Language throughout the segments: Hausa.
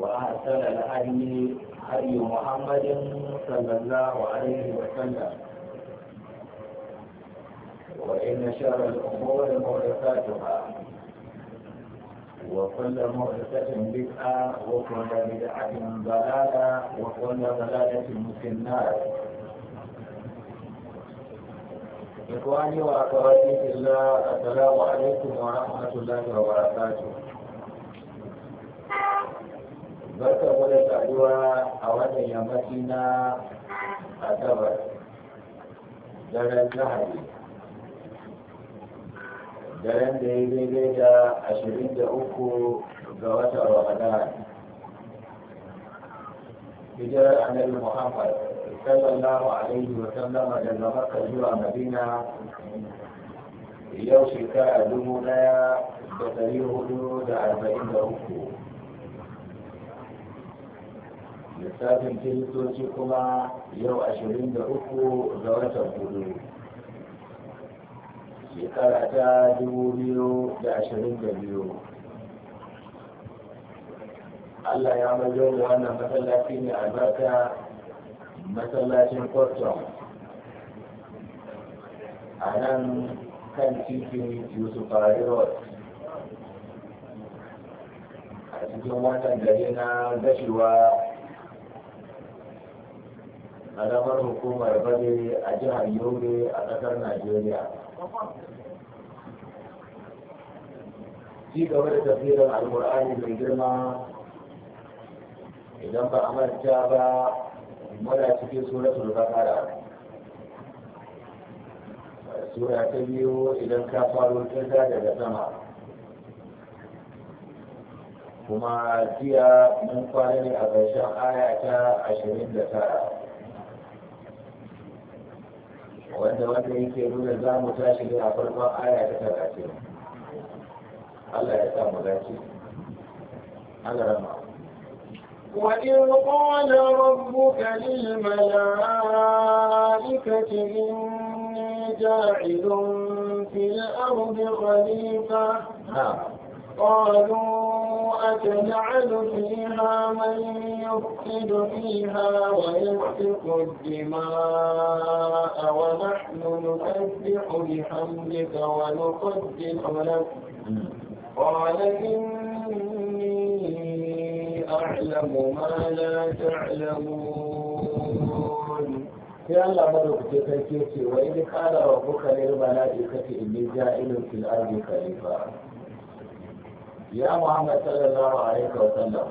وأرسل الهدي أي محمد صلى الله عليه وسلم وإن شر الأمور محدثاتها وكل محدثة بدعة وكل بدعة ضلالة وكل ضلالة في النار إخواني وأخواتي في الله السلام عليكم ورحمة الله وبركاته barka ku da saduwa a wannan yammaci na asabar daren lahadi daren da ya daidai da ashirin da uku ga watan ramadan hijirar annabi muhammad sallallahu alaihi wa sallama daga makka zuwa madina yau shekara dubu daya da dari hudu da arba'in da uku lissafin kiristoci kuma yau ashirin da uku ga watan hudu shekara ta dubu biyu da ashirin da biyu Allah ya majo da wannan masallaci ne albarka masallacin kwastom a nan kan titin yusuf road a cikin wannan gari na gashiwa ƙaramar hukumar badere a jihar yobe a ƙasar najeriya ci gaba da tafiyar alkur'ani mai girma idan ba a manta ba muna cikin suratul baqara sura ta biyu idan ka faro kinta daga sama kuma jiya mun kwana ne a ƙarshen aya ta ashirin da tara wanda wanda yake nuna za mu tashi ne farkon aya ta talatin Allah ya sa mu dace Allah rama وإذ قال ربك للملائكة إني جاعل في الأرض خليفة قالوا أتجعل فيها من يفسد فيها ويسفك الدماء ونحن نسبح بحمدك ونقدس لك قال إني أعلم ما لا تعلمون يا الله مالك تفكيتي وإذ قال ربك للملائكة إني جائل في الأرض خليفة ya muhammad sallallahu alaihi wa sallam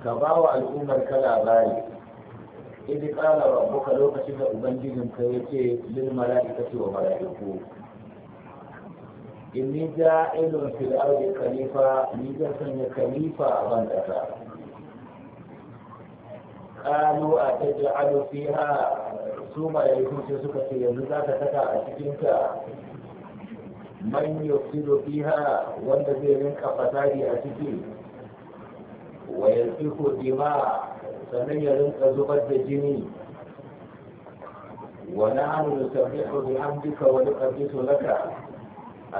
ka ba wa al'ummar ka labari idi kala rabbuka lokacin da ubangijin ka yace lil mala'ikati wa mala'iku inni ja'ilun fil ardi khalifa ni zan sanya khalifa a ban kasa qalu ataj'alu fiha su mala'iku sai suka ce yanzu za taka a cikin ka. من يفسد فيها والذي منك فتاري أتكي ويلفك الدماء فمن يلنك زبد الجني ونعم نسبح بحمدك ونقدس لك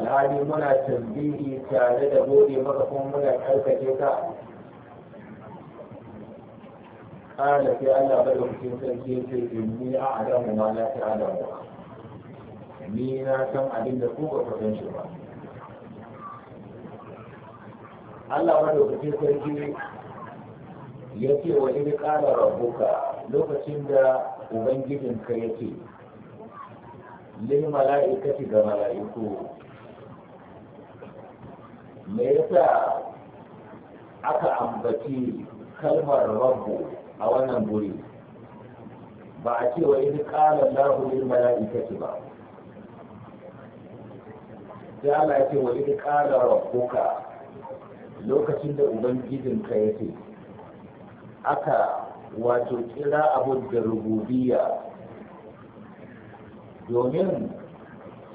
الهادي منا تنبيه تالد بودي مرحوم منا كالك جيكا قالت يا الله بل في اني اعلم ما لا تعلمون ni na san abin da ku ba ku san shi ba Allah madaukakin sarki ya ce wa ili ƙara rabuka lokacin da ubangijinka ya ce lil mala'ikati ga mala'iku me yasa aka ambaci kalmar rabu a wannan guri ba a ce wa ili ƙara lahu lil mala'ikati ba da Allah ya ce wa idh qala lokacin da ka ya ce aka wato kira abin da rububiya, domin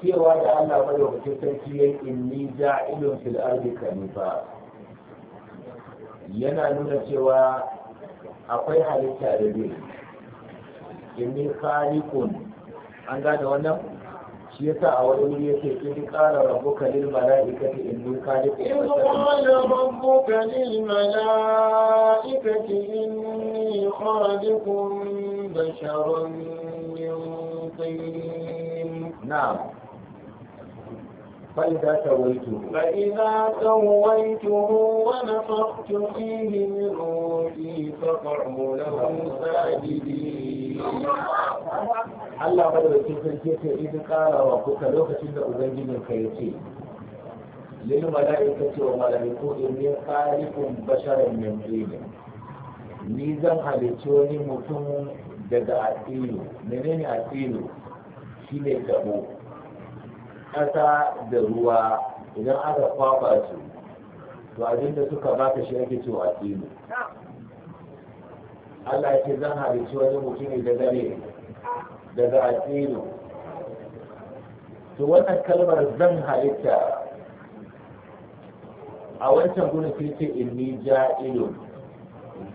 cewa da Allah madaukakin sarki ya inni ja'ilun fil ardi kanifa yana nuna cewa akwai halitta da bai inni khaliqun an gane wannan shi yasa a wani wuri yake kin kara rabbuka lil malaikati inni khaliqun in qala rabbuka lil malaikati inni khaliqun basharan min tin na'am فإذا سويته فإذا سويته ونفخت فيه من روحي فقعوا له ساجدين Allah da madaukakin sarki ce idan karawa kuka lokacin da ubangijin ka ya ce lil mala'ika ce wa mala'iku inni khaliqun basharar yanzu ne. ni zan halicci wani mutum daga asilu menene asilu ne gabo, ƙasa da ruwa idan aka kwaba su to abinda suka baka shi ake cewa asilu Allah ce zan halicci wani mutumi da dare daga asino to wannan kalmar zan halitta a wancan gudun sai ce inni ja'ilun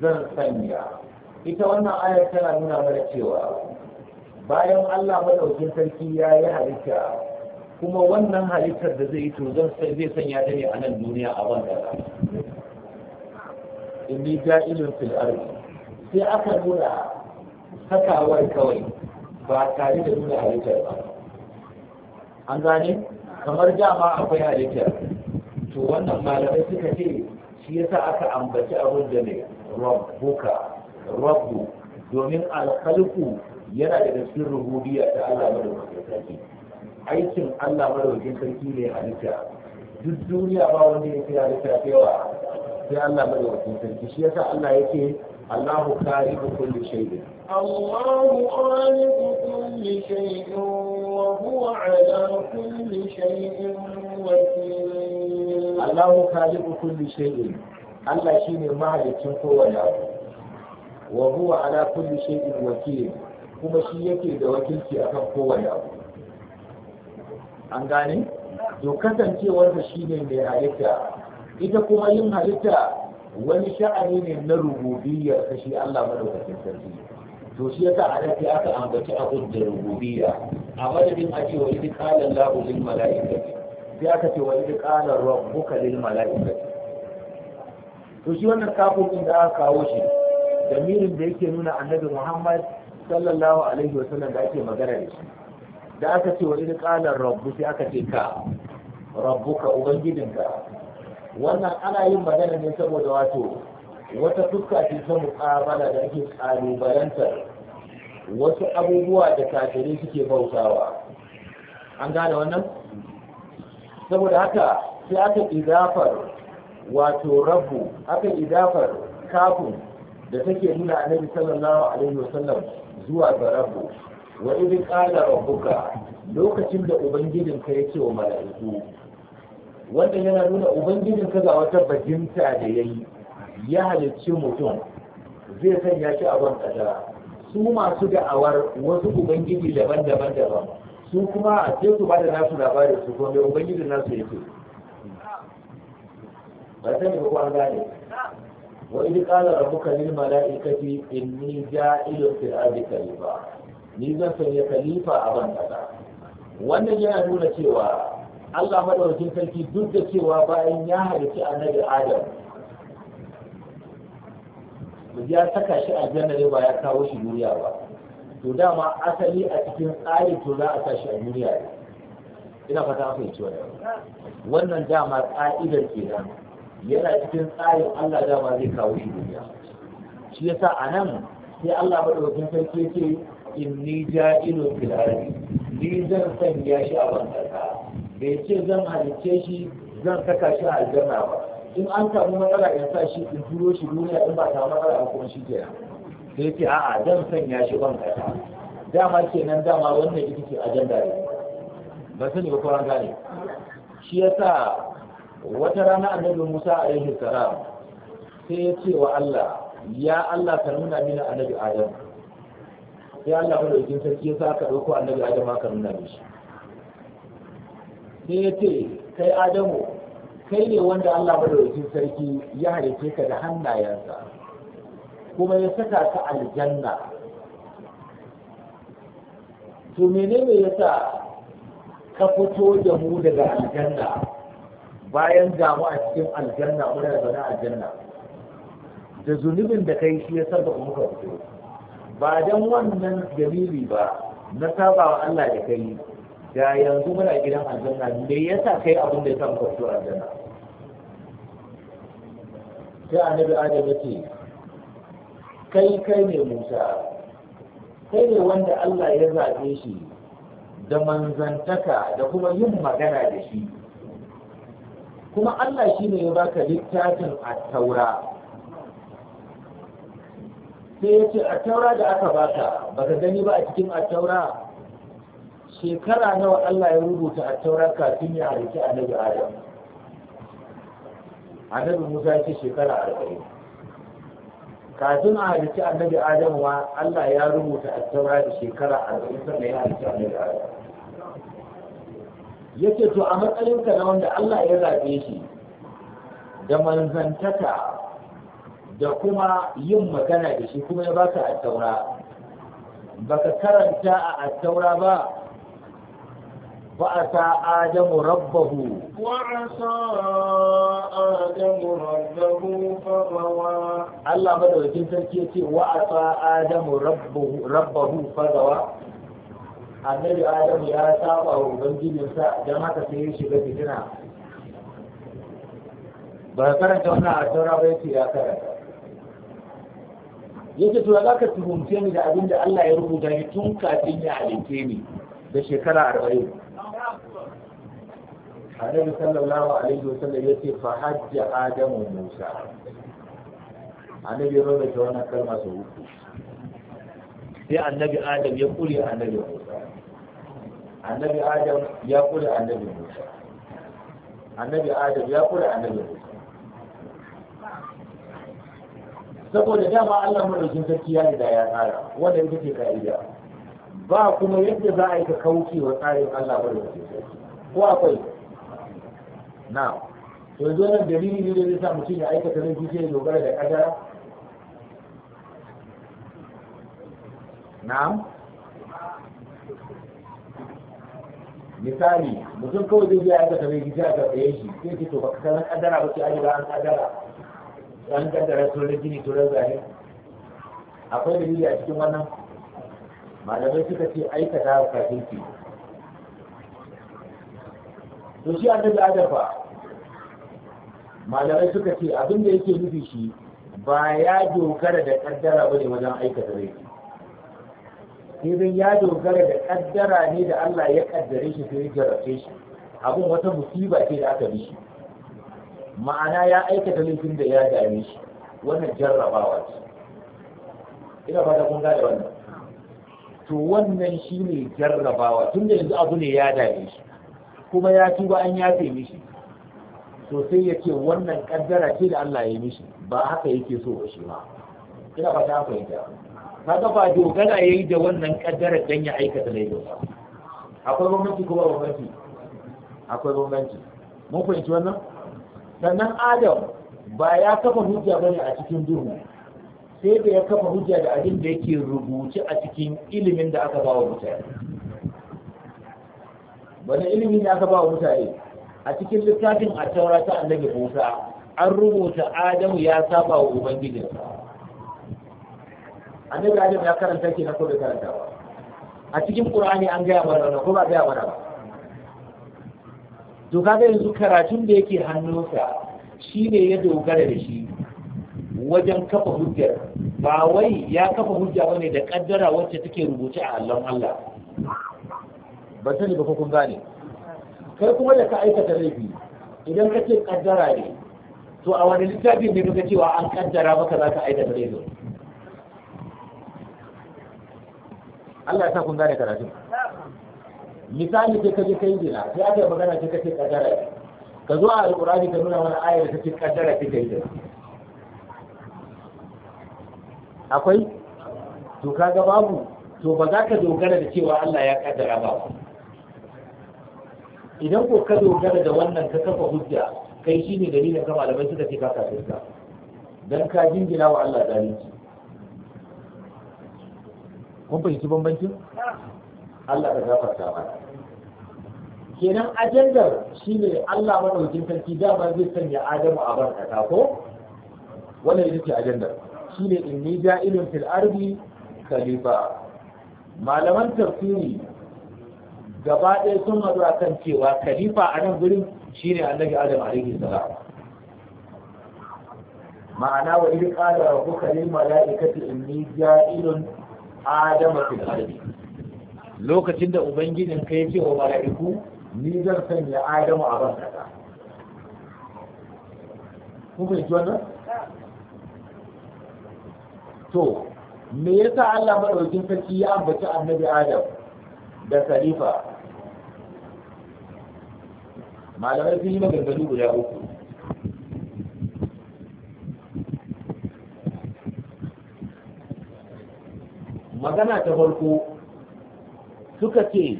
zan sanya ita wannan ayar tana nuna mana cewa bayan Allah madaukin sarki ya yi halitta kuma wannan halittar da zai yi to zan zai sanya ta ne a nan duniya a ban inni ja'ilun fil ardi sai aka nuna sakawar kawai ba tare da nuna halittar ba an gane kamar dama akwai halittar to wannan malamai suka ce shi yasa aka ambaci abin da ne rabbuka rabbu domin alkalku yana daga cikin rububiyya ta Allah madaukakin sarki aikin Allah madaukakin sarki ne halitta duk duniya ba wanda ya fi halitta sai Allah madaukakin sarki shi yasa Allah yake الله خالق كل شيء الله خالق كل شيء وهو على كل شيء وكيل الله خالق كل شيء الله شيء مالك كوانا وهو على كل شيء وكيل kuma shi yake da wakilci akan kowane abu an gane to kasancewarsa shine mai halitta ita kuma yin halitta wani sha'ani ne na rububiyya ta shi Allah madaukakin sarki to shi yasa a nan aka ambaci abin da rububiyya a madadin a ce wa idi qala Allahu lil mala'ikati sai aka ce wa idi qala rabbuka lil mala'ikati to shi wannan kafin din da aka kawo shi damirin da yake nuna annabi Muhammad sallallahu alaihi wa sallam da ake magana da shi da aka ce wa idi qala rabbu sai aka ce ka rabbuka ubangijinka wannan ana yin magana ne saboda wato wata fuska ce ta mukabala da ake ƙalubalantar wasu abubuwa da kafirai suke bautawa an gane wannan saboda haka sai aka idafar wato rabu aka idafar kafin da take nuna annabi sallallahu alaihi wasallam zuwa ga rabu wa idin qala rabbuka lokacin da ubangijinka yake yake wa mala'iku wannan yana nuna ubangijin ka ga wata bajinta da yayi ya halicci mutum zai sanya shi a ban kadara su masu da'awar wasu ubangiji daban-daban daban su kuma a ce su bada nasu labarin su kuma ubangijin nasu ce ba sani ba ko an gane وإذ قال lil mala'ikati inni ja'ilun fil ardi khalifa ni zan sanya khalifa a ban kadara wannan yana nuna cewa Allah madaukakin sarki duk da cewa bayan ya halitta annabi Adam ya saka shi a ne ba ya kawo shi duniya ba to dama asali a cikin tsari to za a tashi a duniya ne ina fata an fahimci wannan wannan dama ka'idar kenan yana cikin tsarin Allah dama zai kawo shi duniya shi yasa a nan sai Allah madaukakin sarki in inni ja fil ardi ni zan sanya shi a bankarka bai ce zan halicce shi zan saka shi a aljanna ba in an samu matsala in sa shi in turo shi duniya in ba ta matsala ba kuma shi kenan sai ce a'a zan sanya shi ban kasa dama kenan dama wannan ita ce ajanda ne ba sani ba kuma gane shi yasa wata rana annabi Musa alaihi salam sai ya ce wa Allah ya Allah ka nuna mini annabi Adam ya Allah madaukakin sarki ya sa ka dauko annabi Adam ka nuna shi. sai ya ce kai adamu kai ne wanda Allah madaukakin sarki ya halice ka da hannayensa kuma ya saka ka aljanna to menene yasa ka fito da mu daga aljanna bayan ga mu a cikin aljanna muna da zaune aljanna da zunubin da kai shi ya sarka muka fito ba dan wannan dalili ba na saba wa Allah da kai da yanzu muna gidan aljanna me yasa kai abin da ya samu aljanna sai annabi adam ce. kai kai ne musa kai ne wanda Allah ya zaɓe shi da manzantaka da kuma yin magana da shi kuma Allah shi ne ya baka littafin taura. sai ya ce a taura da aka baka baka gani ba a cikin taura? shekara nawa Allah ya rubuta a taurar kafin ya a annabi Adam annabi Musa ya ce shekara arba'in kafin a a annabi Adam wa, Allah ya rubuta a taurar da shekara arba'in sannan ya a annabi Adam ya ce to a matsayinka na wanda Allah ya zaɓe shi da manzantaka da kuma yin magana da shi kuma ya baka a taura baka karanta a attaura ba وعسى آدم ربه وعسى آدم ربه فغوى الله مدعو جنسا كيتي وعسى آدم ربه ربه فغوى annabi adamu ya saba wa ubangijinsa don haka sai ya shiga fitina ba karanta wannan a taura ba yake ya karanta yake to za ka tuhumce ni da abin da Allah ya rubuta tun kafin ya halitte ni da shekara arba'in annabi sallallahu alaihi wasallam ya ce fa Hajji adamu musa annabi ya rubuta wannan kalma sau uku sai annabi adam ya kure annabi musa annabi adam ya a annabi musa annabi adam ya a annabi musa saboda dama Allah madaukin sarki ya da ya tsara wanda ita ce ka'ida ba kuma yadda za a yi ka kauce wa tsarin Allah ba da ko akwai na to yanzu nan dalili ne da zai sa mutum ya aikata zai sai ya dogara da kadara na'am misali mutum kawai zai je ya aikata laifi sai aka tsaye shi sai ce to baka san kadara ba ke an ba an kadara an kadara to rajini turar razani akwai dalili a cikin wannan malamai suka ce aikata kafirci to shi annabi da fa malamai suka ce abin da yake nufi shi ba ya dogara da kaddara ba ne wajen aikata laifi sai dai ya dogara da kaddara ne da Allah ya kaddare shi sai ya jarrace shi abin wata musiba ce da aka bi shi ma'ana ya aikata laifin da ya dame shi wannan jarrabawa ce ina da kun gane wannan to wannan shi ne jarrabawa tun da yanzu abu ne ya dame shi kuma ya tuba an yafe mishi to sai ya ce wannan kaddara ce da Allah ya yi mishi ba haka yake so ba shi ma ina ba ta fahimta ka ba dogara yayi da wannan kaddara dan ya aikata laifin ba akwai bambanci kuma bambanci akwai bambanci mun fahimci wannan sannan adam ba ya kafa hujja bane a cikin duhu sai da ya kafa hujja da abin da yake rubuce a cikin ilimin da aka ba wa mutane wani ilimin da aka ba wa mutane a cikin littafin a taura ta annabi musa an rubuta adamu ya saba wa ubangijinsa annabi adamu ya karanta ke na da karanta ba a cikin qur'ani an gaya mana ko ba gaya mana ba to kaga yanzu karatun da yake hannunsa shine ya dogara da shi wajen kafa hujjar ba wai ya kafa hujja bane da kaddara wacce take rubuce a allon Allah ba sani ba ko kun gane kai kuma da ka aikata laifi idan ka ce kaddara ne to a wani littafin ne kaga cewa an kaddara maka za ka aikata laifin Allah ya sa kun gane karatun misali sai ka kai gina sai aka yi magana ce ka ce kaddara ka zo a alƙur'ani ka nuna mana ayar da take kaddara take yi da akwai to kaga babu to ba za ka dogara da cewa Allah ya kaddara ba idan ko ka dogara da wannan ka kafa hujja kai shine dalilin ka malamai suka ce ka kafirta dan ka jingina wa Allah zalunci kun fahimci bambancin Allah ka gafarta ba kenan ajandar shine Allah madaukin sarki ba zai sanya Adamu a barkata ko wannan ita ce ajandar shine inni ja'ilun fil ardi khalifa malaman tafsiri gaba ɗaya sun haɗu a kan cewa khalifa a nan gurin shine annabi adam alaihi salam ma'ana wa ku qala rabbuka lil in ni ja'ilun adama fil ardi lokacin da ubangijin kai ce wa mala'iku ni zan sanya adamu a ban kasa kun fahimci wannan to me yasa Allah madaukin sarki ya ambaci annabi Adam da khalifa malamai sun yi maganganu guda uku magana ta farko suka ce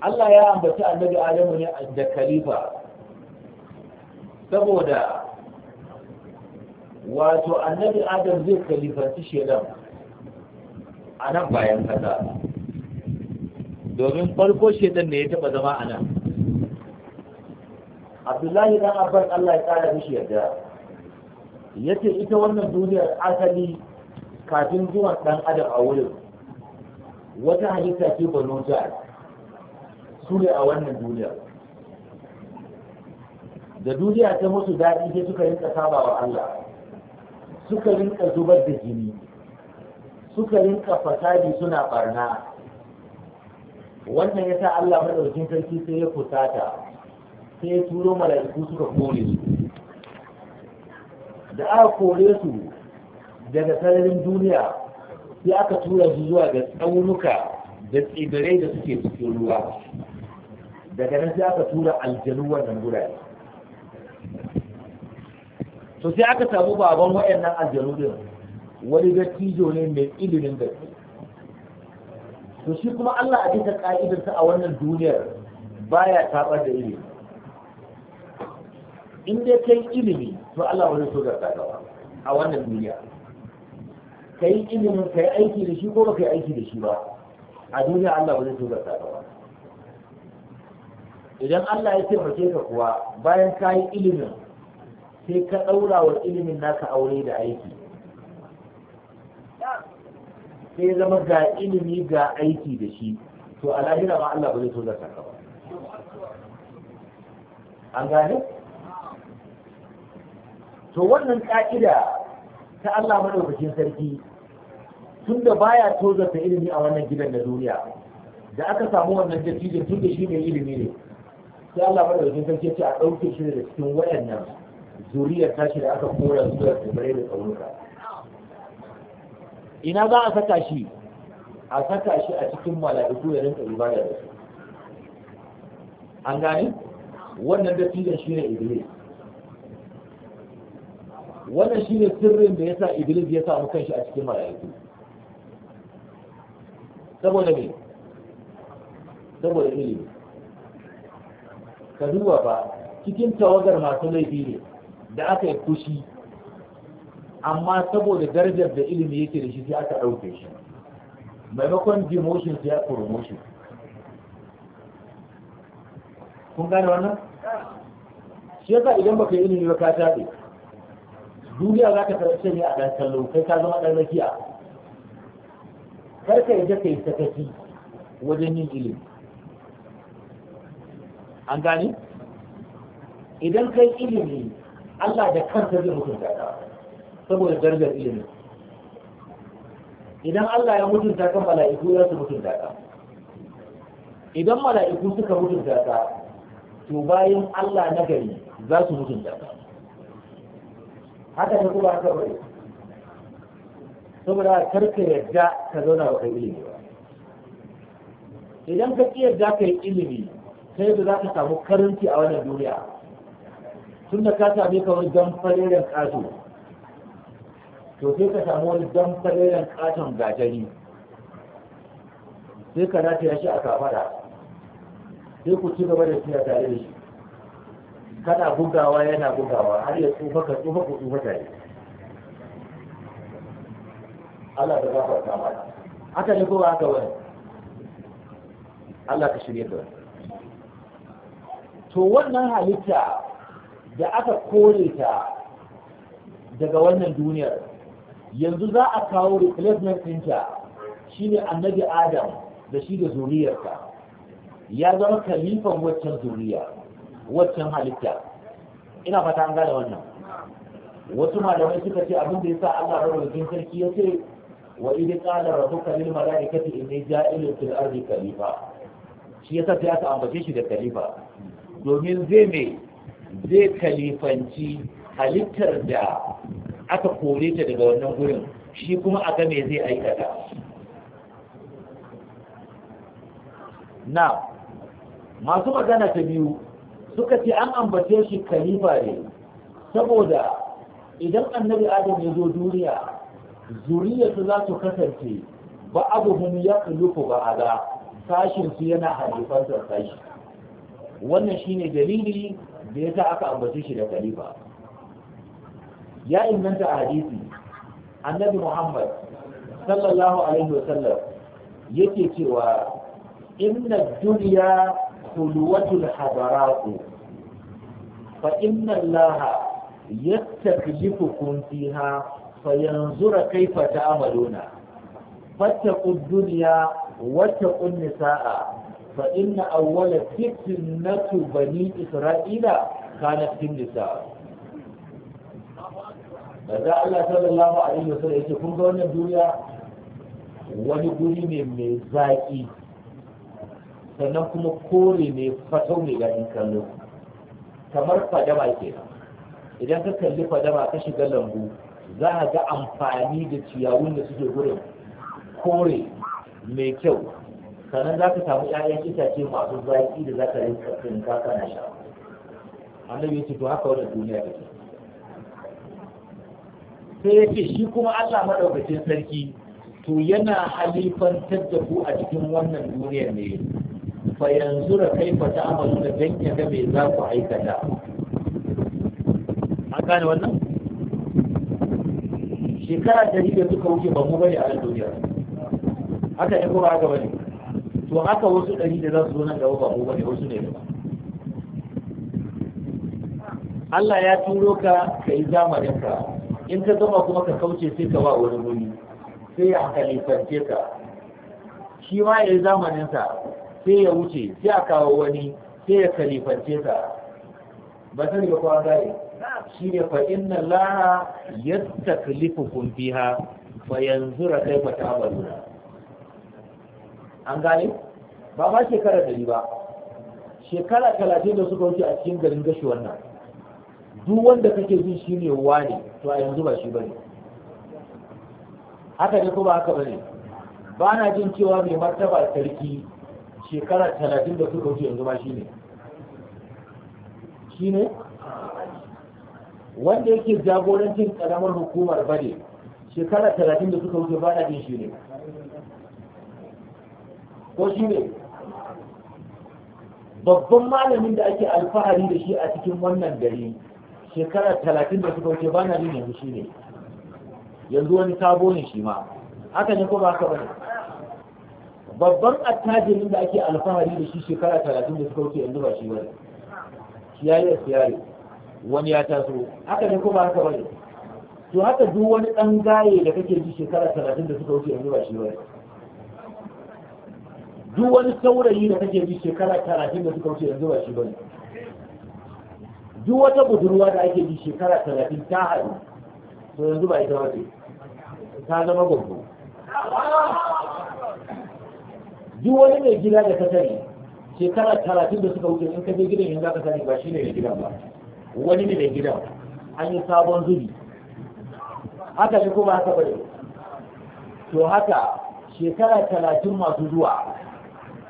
Allah ya ambaci annabi Adamu ne da khalifa saboda wato annabi adam zai kalifanci shedan a nan bayan kasa domin farko shedan ne ya taba zama a nan abdullahi dan abbas allah ya kara mishi yarda ya ce ita wannan duniyar asali kafin zuwan dan adam a wurin wata halitta ce banu su ne a wannan duniyar da duniya ta musu daɗi sai suka yi saba wa Allah suka rinka zubar da jini suka rinka fasadi suna barna wannan yasa Allah madaukakin sarki sai ya fusata sai ya turo mala'iku suka kore su da aka kore su daga sararin duniya sai aka tura su zuwa ga tsaunuka da tsibirai da suke cikin ruwa daga nan sai aka tura aljanu wannan gurare to sai aka samu baban waɗannan aljanu din wani dattijo ne mai ilimin da to shi kuma Allah a bisa ka'idarsa a wannan duniyar baya tabar da ilimi in dai kai ilimi to Allah wani so da kagawa a wannan duniya kai ilimin kai aiki da shi ko ba kai aiki da shi ba a duniya Allah wani so da kagawa idan Allah ya ce ka kuwa bayan ka yi ilimin sai ka ɗaura wa ilimin naka aure da aiki sai zama ga ilimi ga aiki da shi to a lahira ma Allah ba zai so da ka ba an gane to wannan ka'ida ta Allah madaukakin sarki tunda baya tozarta ilimi a wannan gidan na duniya da aka samu wannan tun da shi mai ilimi ne sai Allah madaukakin sarki ya ce a ɗauke shi daga cikin wayannan zuriyar tashi da aka kora zuwa tsibirai da tsaunuka ina za a saka shi a saka shi a cikin mala'iku ya rinka ibada da su an gani, wannan dattijan shi ne iblis wannan shi ne sirrin da ya sa iblis ya samu kanshi a cikin mala'iku saboda me saboda ilimi ka duba ba cikin tawagar masu laifi ne da aka yi fushi amma saboda darajar da ilimi yake da shi sai aka ɗauke shi maimakon demotion sai promotion kun gane wannan shi yasa idan baka yi ilimi ba ka tabe duniya za ka tarar ne a dan kallo kai ka zama ɗan rakiya kar ka yadda ka yi sakaci wajen yin ilimi an gane idan kai ilimi Allah da kanta zai mutunta ta saboda darajar ilimi idan Allah ya mutunta kan mala'iku ya su mutunta ta idan mala'iku suka mutunta ta to bayan Allah na gari za su mutunta ta haka ne kuma haka bari saboda karka yadda ka zauna ba kai ilimi ba idan ka ƙi yadda ka yi ilimi sai da za ka samu karanci a wannan duniya tun da ka same ka wani damfareren ƙato to sai ka samu wani damfareren ƙaton gajari sai ka ya shi a kafada sai ku ci gaba da siya tare da shi kana bugawa yana bugawa har ya tsufa ka tsufa ku tsufa tare Allah da gafarta kama. haka ne kowa haka wani Allah ka shirye da to wannan halitta da aka kore ta daga wannan duniyar yanzu za a kawo replacement ɗinta shine annabi adam da shi da zuriyarsa ya zama kalifan waccan zuriya waccan halitta ina fata an gane wannan wasu malamai suka ce abin da ya sa Allah ya madaukakin sarki ya ce wa idh qala rabbuka lil malaikati inni ja'ilun fil ardi khalifa shi yasa sai aka ambace shi da khalifa domin zai mai zai kalifanci halittar da aka kore ta daga wannan gurin shi kuma a game zai aikata na masu magana ta biyu suka ce an ambace shi kalifa ne saboda idan annabi adam ya zo duniya su za su kasance ba abubuwan ya kulufu ba a ga su yana halifantar sashi wannan shine dalili da ya sa aka ambace shi da khalifa ya inganta a hadisi annabi muhammad sallallahu alaihi wasallam yake cewa inna duniya hulwatul hadaratu fa inna allaha يستكلفكم فيها فينظر كيف تعملون فاتقوا الدنيا واتقوا النساء fa inna awwala fitnatu bani isra'ila kanat fil nisa da Allah sallallahu alaihi wasallam yace kun ga wannan duniya wani guri ne mai zaƙi, sannan kuma kore ne fatau mai ganin kallo kamar fadama kenan idan ka kalli fadama ka shiga lambu za a ga amfani da ciyawun da suke gurin kore mai kyau sannan za ka samu ƴaƴan itace masu zaƙi da za ka yi kafin ka kana sha annabi ce to haka wannan duniya take sai ce shi kuma Allah madaukakin sarki to yana halifantar da ku a cikin wannan duniyar ne fa yanzu ra kai fa ta'amalu da danke da me za ku aikata an gane wannan shekara dari da suka wuce ba mu bane a duniya haka ne kuma haka bane to haka wasu ɗari da za su zo nan gaba ba ba ne wasu ne ba Allah ya turo ka ka yi zamanin in ka zama kuma ka kauce sai ka ba wani wuri sai ya kalifance ka shi ma ya yi zamanin sai ya wuce sai a kawo wani sai ya kalifance ka ba sani ga kwa gare shi ne fa inna laha yastaklifukum fiha fa yanzura ta ta'maluna an gane ba ma shekara ɗari ba shekara talatin da suka wuce a cikin garin gashi wannan duk wanda kake jin shi ne ne, to a yanzu ba shi ba ne haka ne ko ba haka ba ne ba na jin cewa mai martaba sarki shekara talatin da suka wuce yanzu ma shi ne shi ne wanda yake jagorancin karamar hukumar bade shekara talatin da suka wuce ba na jin shi ne ko shi ne babban malamin da ake alfahari da shi a cikin wannan gari shekara talatin da suka wuce ba na jin yanzu shi ne yanzu wani sabo ne shi ma haka ne ko ba haka bane babban attajirin da ake alfahari da shi shekara talatin da suka wuce yanzu ba shi bane shi yayi asiyari wani ya taso haka ne ko ba haka bane to haka duk wani dan gaye da kake ji shekara talatin da suka wuce yanzu ba shi bane duk wani saurayi da kake bi shekara talatin da suka wuce yanzu ba shi bane duk wata budurwa da ake bi shekara talatin ta haɗu to yanzu ba ita wace ta zama gwaggo duk wani mai gida da ka sani shekara talatin da suka wuce in ka je gidan yanzu ka sani ba shi ne mai gidan ba wani ne mai gidan an yi sabon zubi haka ne kuma haka bane to haka shekara talatin masu zuwa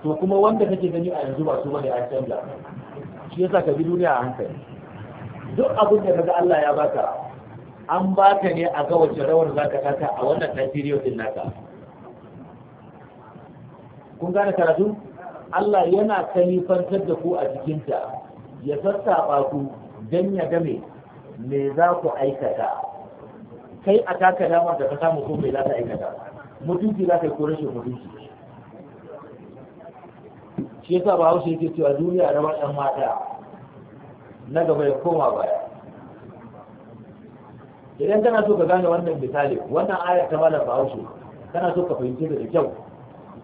to kuma wanda kake gani a yanzu ba su bane an da shi yasa ka bi duniya a hankali duk abin da kaga Allah ya baka an baka ne a ga wace rawar zaka taka a wannan time din naka kun gane karatu Allah yana kalifantar da ku a ta ya sassaɓa ku dan ya game me za ku aikata kai a taka damar da ka samu ko me za ka aikata mutunci za ka yi ko rashin mutunci shi yasa ba haushe yake cewa duniya da ɗan mata na gaba ya koma baya idan kana so ka gane wannan misali wannan aya ta malam bahaushe kana so ka fahimci da kyau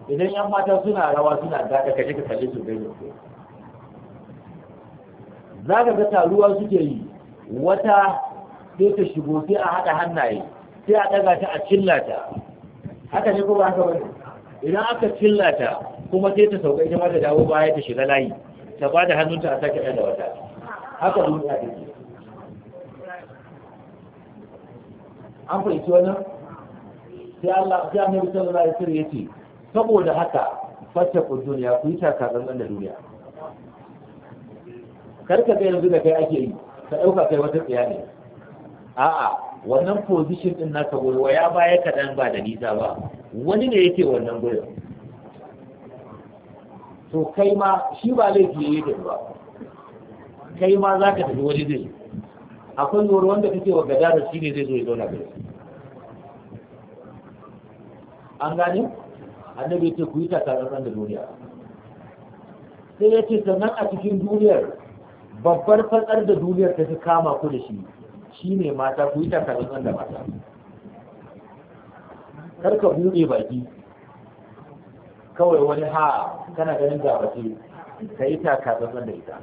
idan yan mata suna rawa suna gada kashe ka kalle su gani za ka ga taruwa suke yi wata sai ta shigo sai a haɗa hannaye sai a ɗaga ta a cillata haka ne ko ba haka ba idan aka cillata kuma sai ta sauka ita ma ta dawo baya ta shiga layi ta ba da hannunta a sake ɗan da wata haka duniya ta ke an fahimci wannan sai Allah sai annabi sallallahu alaihi wasallam yace saboda haka ku duniya ku yi takatsantsan da duniya karka kai yanzu da kai ake yi ka ɗauka kai wata tsaya ne a'a wannan position din naka gobe ya baya kaɗan ba da nisa ba wani ne yake wannan gurin to kai ma shi ba laifi ya yi da ba kai ma za ka tafi waje zai akwai yiwuwar wanda kake wa gada da shi ne zai zo ya zauna gari an gane annabi ce ku yi takarar da duniya sai ya ce sannan a cikin duniyar babbar fatsar da duniyar ta fi kama ku da shi shi ne mata ku yi takarar da mata kar ka buɗe baki kawai wani ha kana ganin gabace ka yi taka tsantsan da ita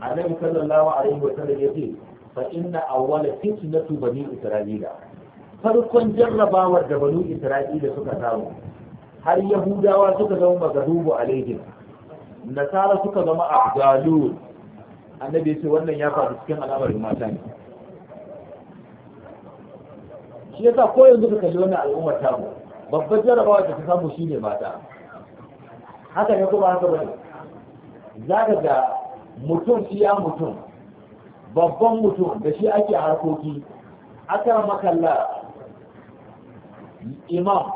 A annabi sallallahu alaihi wa sallam yace fa inna awwala fitnatu bani isra'ila farkon jarrabawar da bani isra'ila suka samu har yahudawa suka zama magadubu alaihim nasara suka zama abdalu annabi ce wannan ya faru cikin al'amarin mata ne shi yasa ko yanzu ka kalli wannan al'ummar tamu Babban jarabawa da ta samu shi ne mata haka ne kuma haka bane za ka ga mutum shi iya mutum babban mutum da shi ake harkoki aka makalla imam